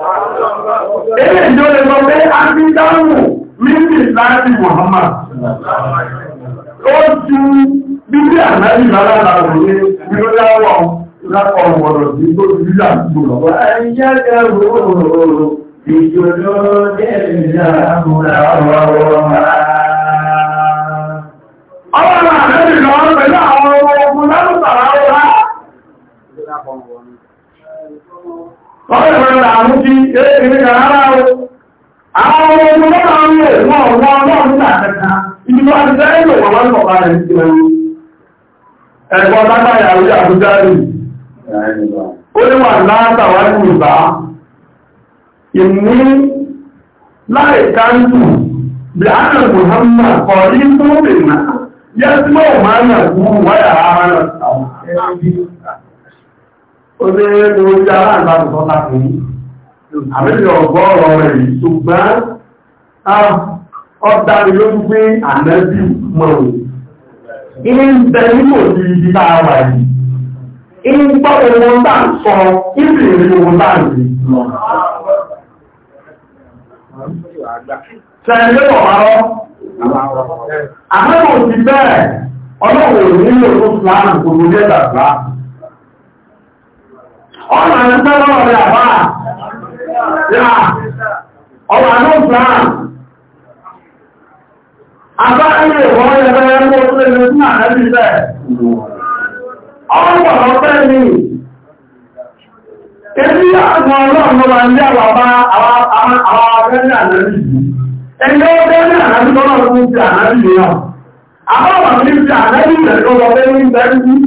Èyí ìjọ lè sọ pé a ti dáhùn mímì láti Muhammad. Ó ju bíbí àmẹ́rì lára làwọn ní ìrọ́lá wọ̀ lápọ̀ ọ̀rọ̀ sí tó ti yà gbò lọ. Ẹ̀yà kẹrù ìjòjò dẹ̀rẹ̀ àmúra ọ̀rọ̀ máa. Ọlọ́run àmẹ́rì lọ pẹ̀lú àwọn ọmọ ogun lárúbàrá wá. ọ̀rẹ́rẹ́ àmú ti ndị na ó dé ní ojú aláàgbàdo tó lápò yìí ọ̀rọ̀ rẹ̀ yìí ṣùgbọ́n ọ̀dà mi ló gbé ànábì mọ̀ ilé ń bẹ nínú òbí ibi tá wà yìí ilé gbọ́ ohun tá ń sọ ibi ìrì ohun tá ń rí lọ. ọ̀nà ń tẹ́ lọ́rọ̀ rẹ̀ àbá yà ọ̀nà ló gbà àbá ilé ìwọ̀n ẹgbẹ́ ẹgbẹ́ tó lè lè fún àrẹ́bí bẹ́ẹ̀ ọ̀pọ̀ ọ̀pẹ́ mi èyí àwọn ọlọ́run ló máa ń jẹ́ àbàbá àwọn abẹ́rẹ́ àrẹ́bí ẹgbẹ́ ọ̀pẹ́ àrẹ́bí tọ́lọ́run ti àrẹ́bí náà àbá wà ní ti àrẹ́bí rẹ̀ lọ́wọ́ bẹ́ẹ̀ ń bẹ́ẹ̀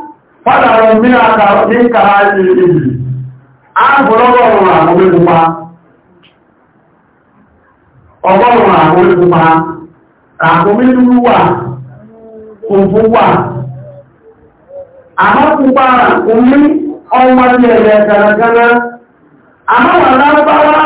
fádàrọ̀ ní àkàrà ìlú agbọ̀lọ́gbọ̀rún àwọn olóògùnmá ọgọ́rùn àwọn olóògùnmá àkọmílú wà òfin wà àmọ́kùnbá omi ọmọ ní ẹ̀rẹ̀ gàràgàrà àmọ́wà lábára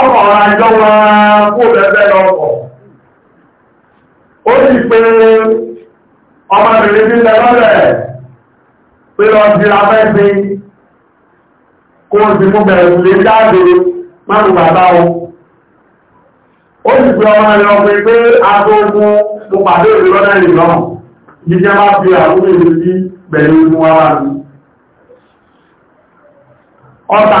ọkọ̀ àjọ wọn kó bẹ̀bẹ̀ lọ́kọ̀ ó sì pé ọmọbìnrin bí lẹ́lọ́lẹ̀ pé lọ sí afẹ́fẹ́ kó sì mú bẹ̀rẹ̀ lè jáde márùn bàbá o ó sì pé ọmọ ẹ̀rọ pé pé agbógun mo pàdé ìrọ́lẹ̀ ìrọ́ jíjẹ́ má fi àwọn ìrísí bẹ̀rẹ̀ ìgbùn ara mi ọta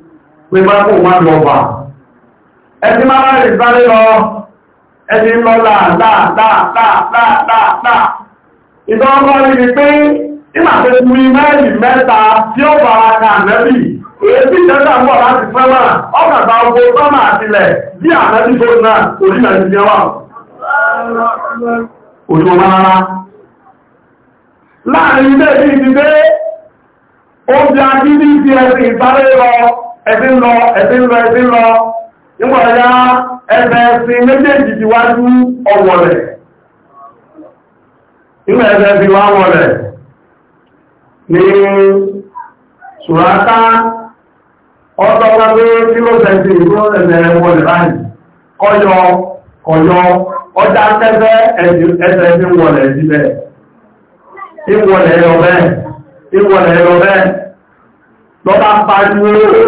pé bá kò wá lọ bà ẹtí máa rẹ̀ sáré lọ ẹtí lọ láàláàláàláàláà ìdánwò rí pé nígbà tó kú ní mẹ́ta tí ó bá ń bọ̀ láti ogun sọ́mà àtìlẹ̀ bí tó náà orí nàìjíríà wà láàrin ilé agídí ti ẹ̀sìn ìsáré lọ ẹbí ń lọ ẹbí ń lọ ẹbí ń lọ nígbàdá ẹgbẹ́ ẹ̀sìn méjèèjì ti wájú ọ̀wọ̀lẹ̀ nígbà ẹgbẹ́ ẹ̀sìn wá wọlẹ̀ ní ṣùràká ọ̀tọ̀ wáwé tí ló tẹ̀sí ìgbọ́nẹ̀lẹ̀ wọlẹ̀ báyìí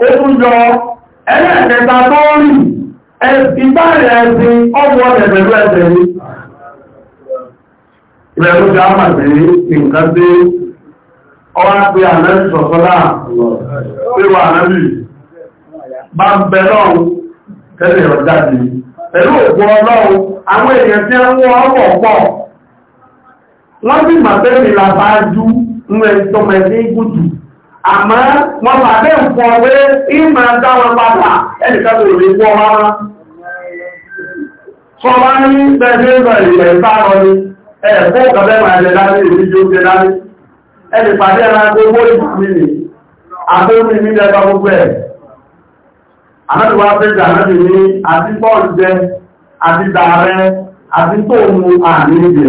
ó tún ẹlẹ́ẹ̀kẹta tó rí ìgbà ẹ̀sìn ọmọ ẹ̀bẹ̀rẹ̀ ẹ̀sẹ̀ rí sí nǹkan tí pé sọ̀sọ́lá bá ń bẹ lọ́run tẹ́lẹ̀ pẹ̀lú òkú ọlọ́run àwọn èèyàn tí ń wọ́n àmọ́ ma pàdé nǹkan ọ̀wé ìmọ̀ dáwọn pátá ẹnìkan tó rí wọ́n wá rán sọ wá ní bẹ́ẹ̀ ní ìrìnlẹ̀ ìbára ẹ̀kọ́ ọ̀gọ́bẹ́ máa láti láti ẹni pàdé gbogbo ẹ̀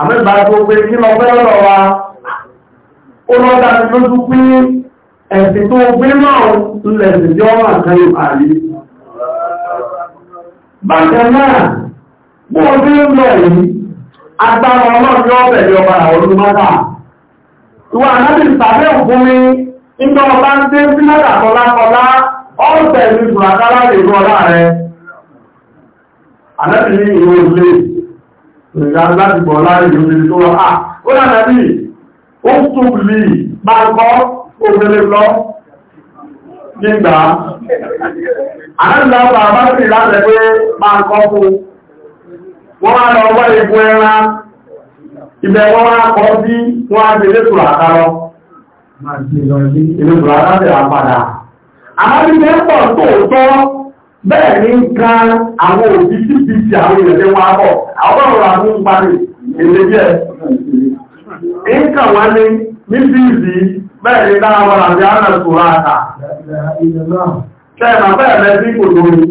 àmẹ́gbà tó pé kí lọ fẹ́ lọ́rọ̀ wa ó lọ́ dájú lójú pé ẹ̀sìn tó gbé náà lẹ̀sìn tí ọ wà kan àrí bákan náà bó o bí ń lọ yìí agbára ọlọ́run ọba àwọn olùmọ́ta ní ìgbà láti bọ̀ láàrin ìrìn tó rọ̀ à ó dà nàbí ó tún lè máa kọ́ òmìnir lọ nígbà àrẹ́lọ́pàá bá sì láti pé máa kọ́ fún wọ́n máa lọ wọ́ ìbú ẹran ibẹ̀ wọ́n máa kọ́ sí wọ́n á gbélé tùrà àtàrọ ilé bẹ́ẹ̀ ni ń ká àwọn òbí tí bí ti àwọn ìrẹ̀lẹ̀ wa bọ̀ àwọn ọ̀rọ̀ àwọn parí èlé jẹ́ ìkà wá ní níbi ìzì bẹ́ẹ̀ ni dáwọn àti àrẹ̀sùn àtà tẹ́ẹ̀mà bẹ́ẹ̀ lẹ́ sí kòtò ní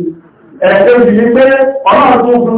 ẹ̀ẹ́kẹ́ jì ní pé ọlọ́run tó fún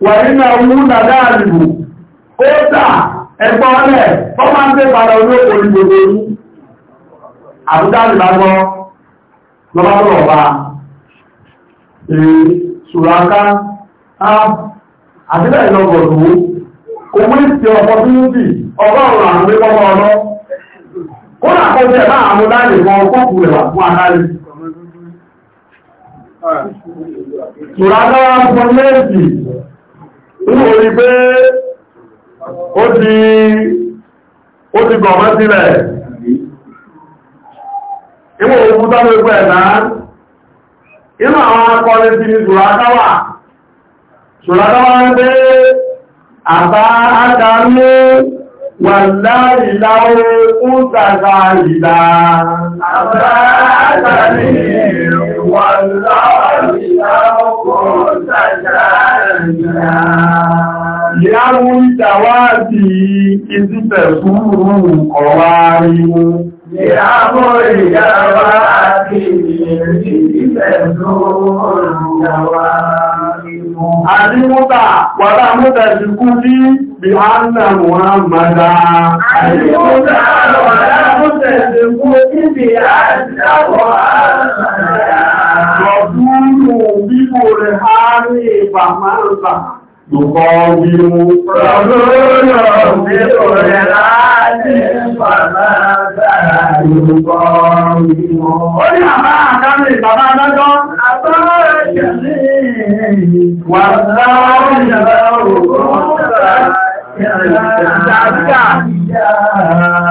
wàrínà múnà dáàrìbò ó tà ẹgbọ́ ọlẹ̀ ọ máa ń pè padà olóòkò olùgbòdó ní àbúdáàrìbágbọ́ lọ́wọ́lọ́wọ́ èrè ṣùráká àbílẹ̀ ìlọ́gbọ̀lú owó ìsẹ̀ ọ̀pọ̀ tí ó bì ọgọ́rùn-ún Inú orí pé ó ti ó ti bọ̀ mọ́ sílẹ̀. Ìwọ̀n òkú tọ́lú ẹgbẹ́ ẹ̀dá. Inú àwọn akọrin ti ni Ṣùlákáwà. Ṣùlákáwà ń pé àbá ádámú wà láì láwọ́ fún tàbá ìlà. Àbá ádámú wà láì láwọ́ Ìyáwó ìtàwádì ìsìtẹ̀ fúrú ọ̀wá ríwú. Ìyáwó ìyáwádì ìsìtẹ̀ fúrú ọ̀wá ríwú. Àdímúta wàlá múta ìsìnkú ní bí a ń nà Mùhàmmadá. Àdímúta wàlá múta ìsìnkú ní bí a ń nà Mùhàmmadá. حريفا مرضا يقاوم رسول بكل عاد فماذا يقاوم قل ما كان بابا نجو أتاك والله يرى Ìjàdíkà.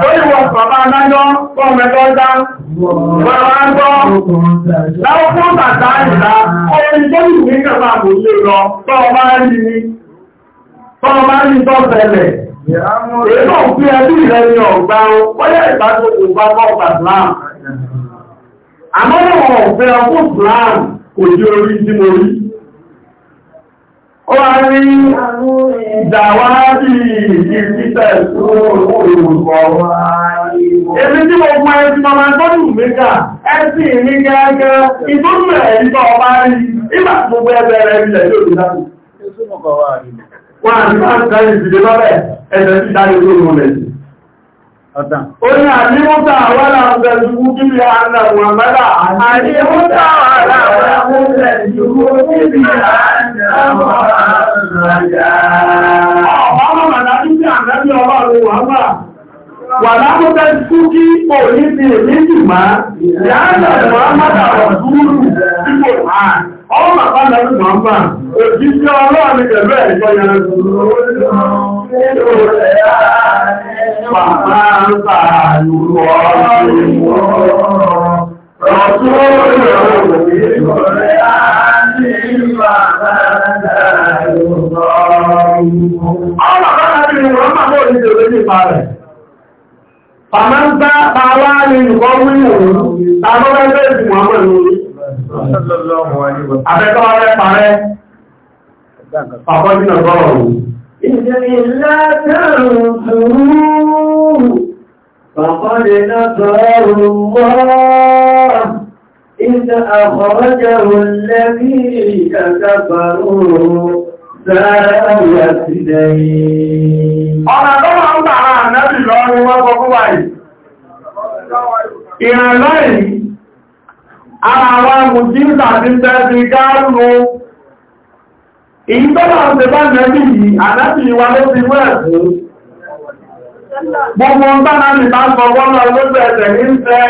Ó ní wọ́n bàbá adájọ́ kọ́ mẹ́tọ́ dá. Wọ́n wá ń gbọ́. Láwọn fún bàtà ìlà, ọ̀rẹ́ tó ní ìwé kẹfà kò lè lọ, tọ́ ọmọ rí ni. Tọ́ ọmọ rí tọ́ tẹ̀lẹ̀. Èyí náà fi ẹbí rẹ̀ ní ọ̀gbà o, ó yẹ ìbájọ́kù bá bọ́ bàtà. Àmọ́ wọn ò fẹ́ ọkùn Islam kò jẹ́ orí tí mo rí. ó a rí ìdàwárí ìrìnlẹ̀ tó olùkọ́ wá èmi tí mo mọ ẹni mọ́mọ́ tọ́lù mẹ́ta ẹ̀sì ní gẹ́gẹ́ ìtọ́lù ẹ̀rí ọba rí ìgbà gbogbo ẹgbẹ́ rẹ̀ ilẹ̀ tó àti máa ń tẹ́lẹ̀ ìdílé lọ́bẹ̀ ẹ̀sẹ̀ sí dájú tó lò lẹ̀ Ó ní àdímúta àwọn àwọn kí bí Wàlá tó tẹ́ tú kí òní ti méjì máa, ìyá àjọ̀dọ̀ àmàdà máa, ọmọ màpá lẹ́nu màmá, òjí ọrụ ọlọ́run ìjẹ̀bẹ̀ ìjọ yẹn Bàbá Fàmá ń bá bàwá ní nǹkan mú ìwòrán, tàbí ọmọ ẹgbẹ́ ìgbìmọ̀ ọmọ ìwòrán. Àbẹ́kọ́ ọ̀rẹ́ parẹ́, pàpọ̀ nínú ọgọ́rọ̀ òun. Ìjẹ́ ìlá tẹ́rùn-ún إذ أخرجه الذين كفروا ساء الدين ọ̀nà tó máa ń gbà ara ànábì lọ ni wọ́n sọ fún wáyé ìrànlọ́ yìí ara wa mùsíńsà ti ń tẹ́sí gáàrùn èyí tó máa ń tẹ bá nẹ́bí yìí ànábì wa ló ti wẹ́ gbogbo ń bá náà nìbá sọ wọ́n lọ lójú ẹ̀sẹ̀ ní ń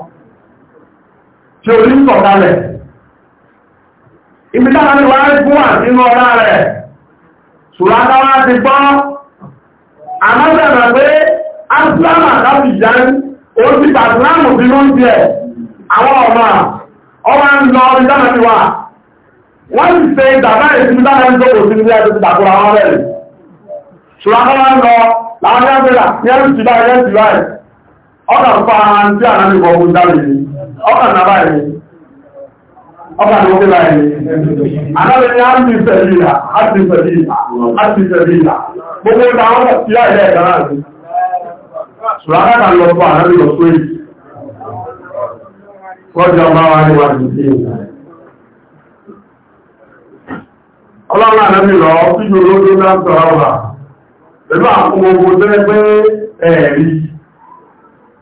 tí ó ní sọ̀dálẹ̀. Ibi táwọn ni wọ́n gún wà nínú ọ̀rá rẹ̀, ti gbọ́, àmọ́sẹ̀rẹ̀ pé Áṣílámà láti jẹ́ ó ti bí ló ń jẹ àwọn ọ̀nà ọwá ń lọ orí dáná wà. Wọ́n ti ṣe ìdàbá ìsinmi ń ń ń ọkàn náà báyìí ọkàn náà wọ́n báyìí anábẹ́ ni a ti sẹ̀rí ìlà a a ti sẹ̀rí gbogbo ìta wọn kọ̀ sí àìlẹ́ ẹ̀dá náà ṣùgbọ́n kan lọ fún anábẹ́ lọ sí ẹ̀rí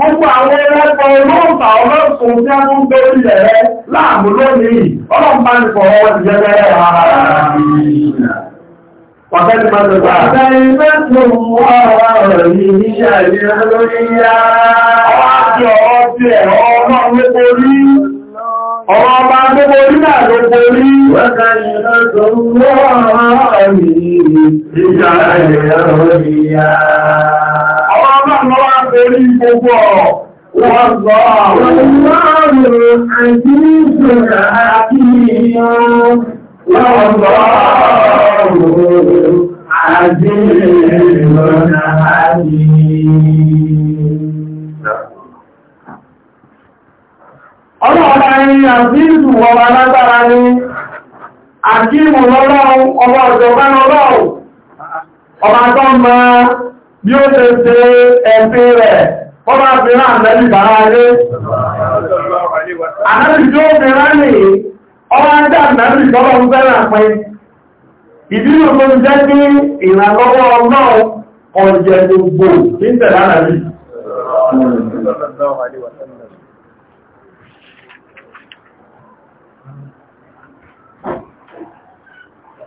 Gbogbo àwọn ẹlẹ́pọ̀ olóòtà ọlọ́sùn tí a tó ń bẹ́rù ilẹ̀ rẹ láàmú lónìí, ọlọ́pàá ọba gbogbo orí náà ló borí. Wàtẹ́lì mẹ́tò ọ̀rọ̀ rẹ̀ ní ìṣàlẹ̀ lórí yá. àwọn aláàmọ́wà torí gbogbo wọ́n sọ àwọn ìlànà àti ìṣòro àti ìyàn wọ́n sọ àwọn àti ìrọ̀nà àti ọlọ́ọ̀lá ni àti ìtùwọ̀ alágbára ni àti ìmọ̀ lọ́lọ́run ọba bí ó ṣe ṣe ẹ̀sìn rẹ̀ wọ́n bá fi rán àmẹ́lì bára ayé àmẹ́lì tí ó fi rán ní ọwá jẹ́ àmẹ́lì tọ́lọ ń fẹ́ràn pín ìdílò tó ń jẹ́ kí ìrànlọ́wọ́ náà ọ̀jẹ̀ gbogbo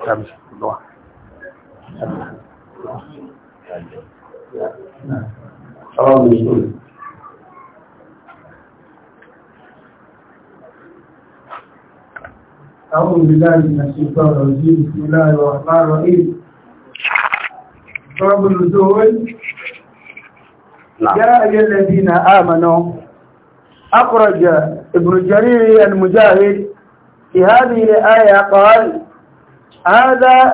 Thank you. حرام بالسنة أعوذ بالله من الشيطان الرجيم بسم الله الرحمن الرحيم طلب النزول نعم. يا أيها الذين آمنوا أخرج ابن جرير المجاهد في هذه الآية قال هذا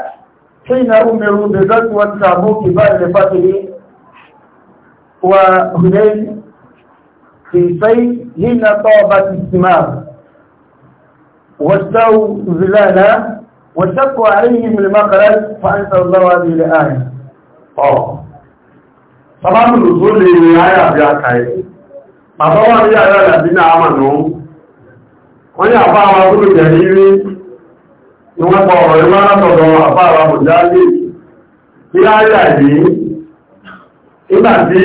حين أمروا بغزوة تابوك بعد فتح وهنين في صيف حين طابت الثمار واستووا ظلالا وشقوا عليهم المخرج فأنزل الله هذه الآية. آه. سبب النزول للآية بأكاية. Bàbá wà ní àrẹ àdí náà àmà nù. Wọ́n ní àbá àwọn tó lè jẹ̀rí rí ni wọ́n pọ̀ ọ̀rọ̀ ìwọ́n látọ̀dọ̀ àbá àwọn mọ̀já lè. Bí á rí àyè nígbà tí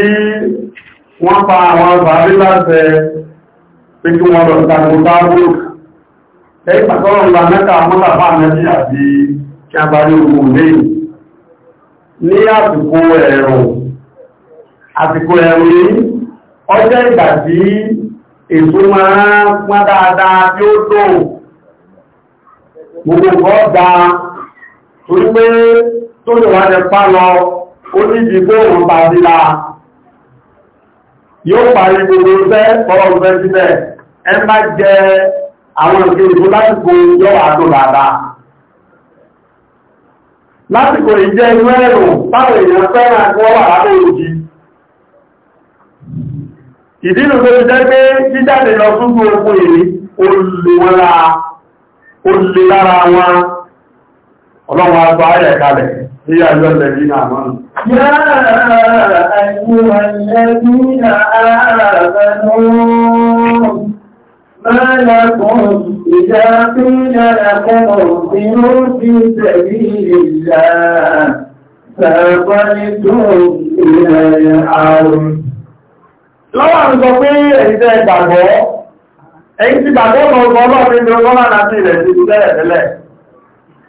wọ́n pa àwọn ọgbàrí láti pé kí wọ́n lọ ìtàkùn tábúrò lẹ́yìn pàtọ́rọ̀ ìgbà mẹ́ta mọ́tàfà mẹ́bí àti kí a bá ní ogun lẹ́yìn ní àtìkò ẹ̀rùn àtìkò ẹ̀rùn yìí ọjọ́ èso máa pọ́n dáadáa tí ó tó gbogbo oníbi bóòrùn pàdílá yóò parí gbogbo fẹ́ ọ̀rọ̀ fẹ́ sílẹ̀ ẹ má jẹ àwọn lásìkò àtò bàbá lásìkò ìjẹ́ inú ẹ̀rùn èèyàn fẹ́ràn wà lábẹ́ òjì ìdínú tó jẹ́ pé jíjáde lọ súnkú ogun èrí olùwọ́lá olùlára wọn àgbà kalẹ̀ يا أيها الذين آمنوا يا أيها الذين آمنوا ما لكم إذا قيل لكم انفروا في سبيل الله فأقلتم إلى الأرض lọ́wọ́ ń sọ pé ẹ̀yíṣẹ́ ìgbàgbọ́ èyí ti gbàgbọ́ ọmọ ọgbọ́n ọlọ́rin ní ọgbọ́n láti ilẹ̀ ti ìlú tẹ́lẹ̀ tẹ́lẹ̀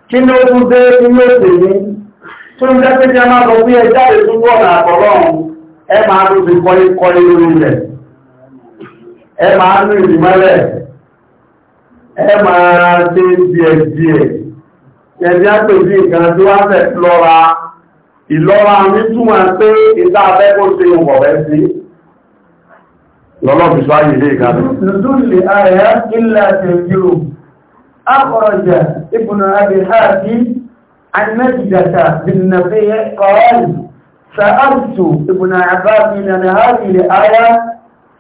kí ní ó tún dé inú ètè yìí tó ń jẹ́ tí a máa lọ bí ẹ jáde tó bọ́ọ̀nà àtọ̀lọ́run ẹ máa tó ti kọ́ ikọ́ lórí rẹ̀ ẹ máa ní ìdìmọ́lẹ̀ ẹ máa ṣe díẹ̀ díẹ̀ ẹ̀dí àpèjì ìkan tí wá fẹ́ lọ́ra ìlọ́ra pé ìta ṣe sí lọ́lọ́bì ilé ilẹ̀ àti ìjírò عن مجدة بن نفيع قال سألت ابن عباس من هذه الآية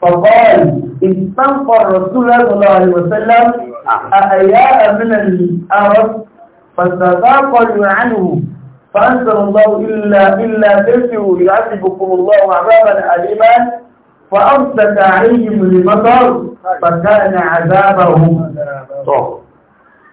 فقال رسول الرسول صلى الله عليه وسلم أحياء من الأرض فتتاقل عنه فأنزل الله إلا إلا تسعوا يعذبكم الله عذابا أليما فأمسك عليهم المطر فكان عذابهم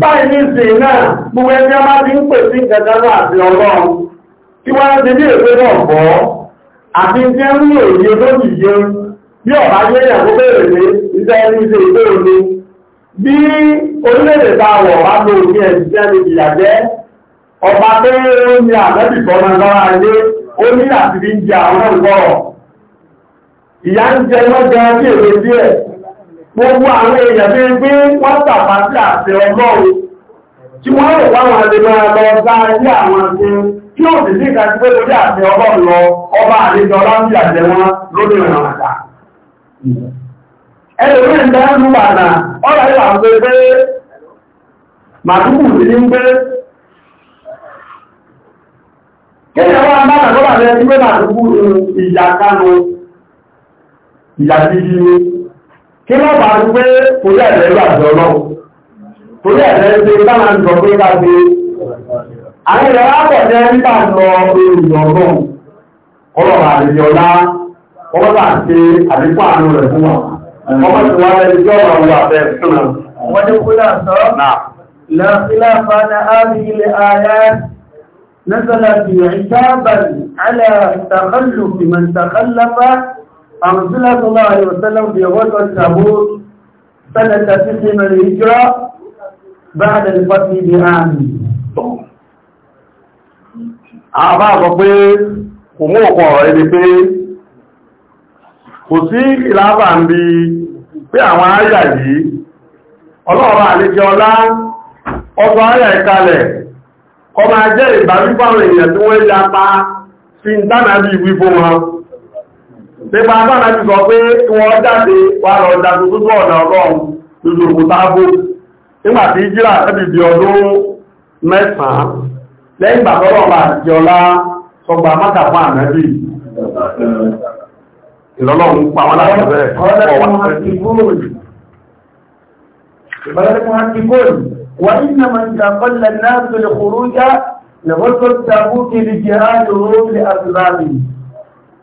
báyìí ní ìsìn náà gbogbo ẹgbẹ́ máa ti ń pè sí ìgbẹ̀gbẹ̀rún àti ọlọ́run tí wọ́n ti ní èpé náà bọ́ àti tí ń rí òye lójìye bí ọ̀bá yé ìyàwó bèèrè ní iṣẹ́ ní iṣẹ́ ìgbé òní bí orílẹ̀-èdè ta wọ̀ bá lo òfin ẹ̀sìṣẹ́ ní ìyàjẹ́ ọba pé ó ní àbẹ́bì bọ́mọ lọ́ra ilé ó ní àti fi ń jẹ àwọn ọ̀rọ̀ ìyá ń jẹ lọ́jọ́ bí èrè díẹ̀ gbogbo àwọn èèyàn bí gbé wọ́n tàbátí àti ọlọ́run tí wọ́n rò wáwọn àdébọn lọ sáájú àwọn àti tí ó sì sí ìkàtí pé lórí àti ọlọ́run lọ ọba àlejò ọlọ́run àjẹ wọn lórí ìrìn àjà ẹlòmí ń kí wọ́n bá ń pé torí ẹ̀rẹ́ ìgbàjọ́ lọ torí ẹ̀rẹ́ ṣe táwọn ń sọ pé bá ṣe àwọn ìrẹ̀ lápọ̀jẹ́ nígbà lọ èrìyàn ọlọ́run ọlọ́run àríyànlá ọwọ́ bá ṣe àdínkù àánú rẹ̀ fún wọn ọmọ عتابا على تخلف من تخلف Rasulullah sallallahu alaihi wasallam bi ghazwati Tabuk sanata tis'in al-hijra ba'da al-fath bi am. Àbá àgbọ̀ pé kò mú ọ̀pọ̀ ọ̀rọ̀ ẹni pé kò sí ìlàbà ń bi pé àwọn àyà yìí ọlọ́ọ̀rọ̀ àlejò ọlá ọgbọ̀ Pípa sára ti sọ pé kí wọ́n jáde wà lọ jáde tó tó ọ̀nà ọlọ́run lójú òkú tábó. Nígbà tí Jíra ẹbí di ọdún mẹ́sàn-án, lẹ́yìn ìgbà tọ́lọ̀ bá ti ọlá sọgbà mọ́ta fún àmẹ́bí. Ìlọ́lọ́run pa wọn láti bẹ́ẹ̀. Ọ̀rẹ́lẹ́kùn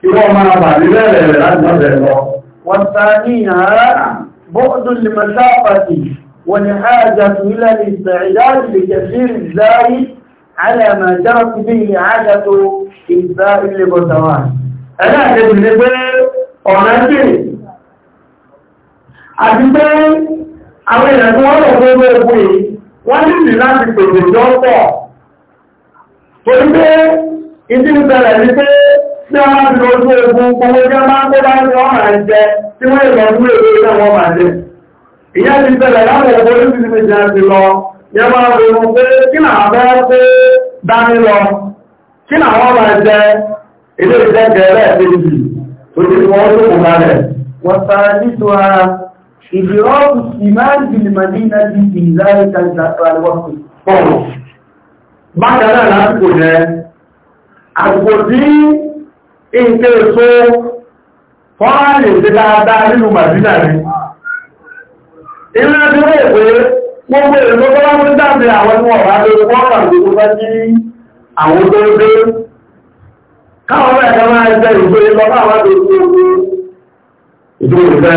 kí wọ́n máa bà ní lẹ́rẹ̀ẹ̀rẹ̀ láti ọ̀rẹ̀ lọ. wọ́n ta ní àárá bọ́ọ̀dún lè mọ̀ sáàpàtì wọ́n ni ààjà ìlẹ̀ ìsẹ̀ẹ̀dáàdì lè kẹfìrì láyé alẹ́mà jẹ́rọ̀kú bí i ààjà tó ìgbà ilé bọ̀tàwà. ẹlẹ́ẹ̀kejì ni pé àti pé àwọn èèyàn tí wọ́n lọ fún owó epo yìí wọ́n nílì láti pèsè jọ́pọ̀ torí pé ìdí ń bẹ̀rẹ̀ ní pé tí a máa fi ojú ogun owó jẹ́ máa kó bá ní ọmọ ẹ̀jẹ́ tí wọ́n lè lọ́dún èdè náà wọ́n máa jẹ́. ìyá ti tẹ̀lẹ̀ láwọn ọ̀pọ̀ orí ti fi jẹ́ ti lọ yẹ máa ronú pé kí náà bẹ́ pé dání lọ kí náà wọ́n máa jẹ́ ilé ìjẹ́ gẹ̀ẹ́rẹ́ kejì tó ti wọ́n tó kò kalẹ̀. wọ́n sáré nítò ara ìdírọ́pù sì máa ń bìlì màdínà ti fi ìzáre Bákan náà lásìkò jẹ́, ìǹkẹ́ e fọ́nrán lè ṣe dáadáa nínú màdínà ni ilé ẹjọ́ rẹ̀ gbogbo èso tó bá ń dáàbì àwọn tí wọ́n bá lè fọ́nrán àwọn tó ń dé káwọn bẹ́ẹ̀ máa jẹ́ ìgbé àwọn ìdúró ìfẹ́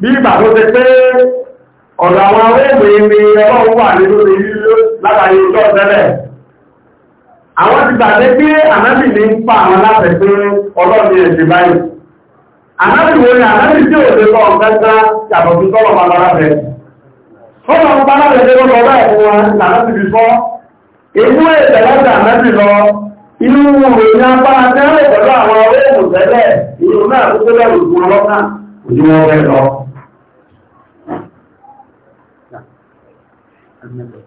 bí ìgbà tó ti pé ọ̀dọ̀ àwọn awẹ́gbẹ̀ ni ọlọ́run wà nínú ilé látàrí ìjọ tẹ́lẹ̀ àwọn ti gbàgbé pé ànábì ní ń pa àwọn láti pé ọlọ́run ẹ̀sìn báyìí ànábì wo ni ànábì tí ò lè kọ́ ọ̀gẹ́gá yàtọ̀ sí ẹ̀kọ́ wọn المناسبة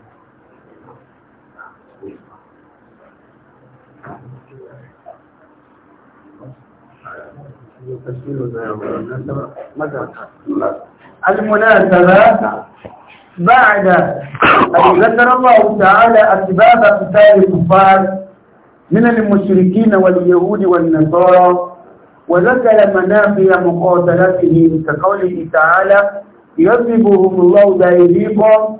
بعد أن ذكر الله تعالى أسباب قتال الكفار من المشركين واليهود والنصارى وذكر منافع مقاتلتهم كقوله تعالى يذبهم الله دائما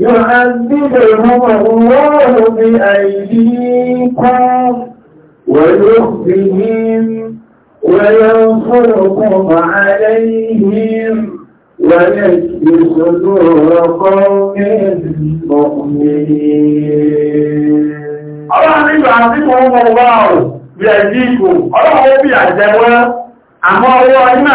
يعذبهم الله بأيديكم ويخزيهم وينصركم عليهم ويشفي صدور قوم مؤمنين Ọlọ́run nígbà tí wọ́n mọ̀ wá ọ̀ bí ẹ̀dí ikú, ọlọ́run ó bí àjẹwọ́, àmọ́ ọwọ́ iná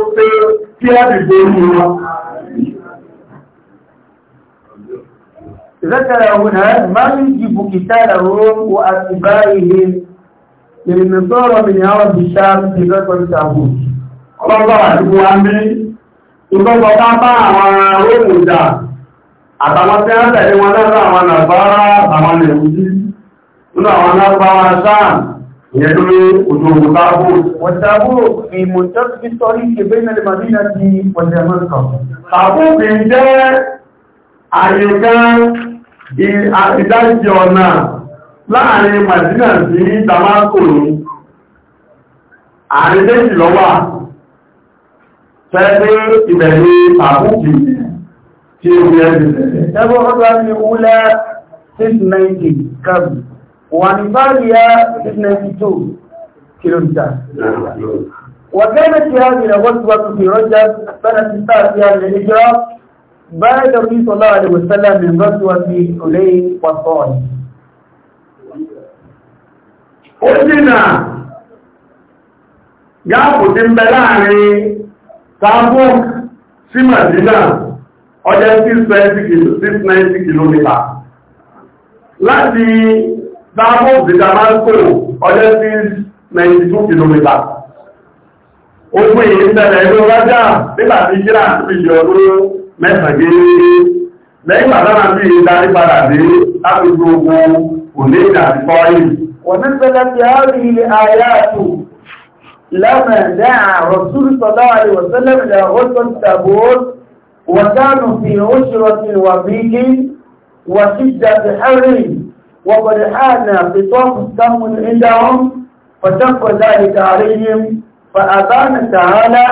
kí á ti borí wọn. ذكر هنا ما يجب قتالهم وأتباعهم للنصارى من عرب الشام في ذكر تابوت. الله àdúgbò àmì ìgbọ́gbọ́ bá bá àwọn róòmù ìjà àtàwọn tí wọ́n tẹ̀lé wọn lọ́rọ̀ àwọn ìyẹn ló lé ojú ogun tábò. wọ́n tábò ìmọ̀jọ́ ti sọ́rí ìṣẹ̀bẹ́ ìnàlẹ̀ màdínà ti pọ̀jẹ̀ mọ́sọ̀. tábò kì í jẹ́ àyè kan ìdájí ọ̀nà láàrin màdínà sí damasco ní àárín méjì lọ́wà fẹ́ẹ́ ibẹ̀ ní tábò tí ó yẹ ti tẹ̀lé. ẹgbẹ́ ọ̀dọ́ ni wúlẹ̀ 690 kẹ́bù. وعنباريا 92 كيلو متر وكانت هذه الغزوة في رجب سنة التاسعة للهجرة بعد النبي صلى الله عليه وسلم من غزوة حنين وطائف. أذن يا بوتين بلاني تابوك láàrin Tabuk sí Madina ọjọ́ 690 kìlómítà láti Dáàbò sí Damasco, ọjọ́ sí 92 km. Ogun yìí ń tẹ́lẹ̀ ẹgbẹ́ ọgájá nígbà tí Jíra ti yọ ọdún mẹ́sàn-án lẹ́yìn bàtánà sí ìdarí padà dé ápùsù ogun òní ìdàrí fọ́ọ̀yì. Wọ́n fi لما دعا رسول صلى الله عليه وسلم إلى غزوة تبوك وكانوا في عشرة وضيق وشدة وقد حان خطاب عندهم فشق ذلك عليهم فأبان تعالى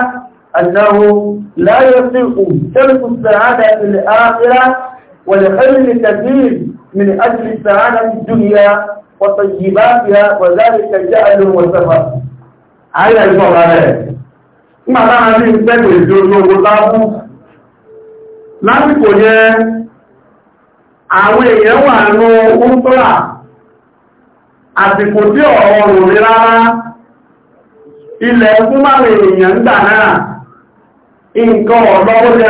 أنه لا يطيق ترك السعادة في الآخرة والخير كثير من أجل السعادة في الدنيا وطيباتها وذلك جهل وسفر على الفقراء ما معنى ذلك الجنوب الغابو لا تقول àwọn èèyàn wà ní oúnjẹ́ àsìkò tí ọ̀rọ̀ lórí rárá ilẹ̀ fún máa èèyàn gbà náà nǹkan ọ̀dọ́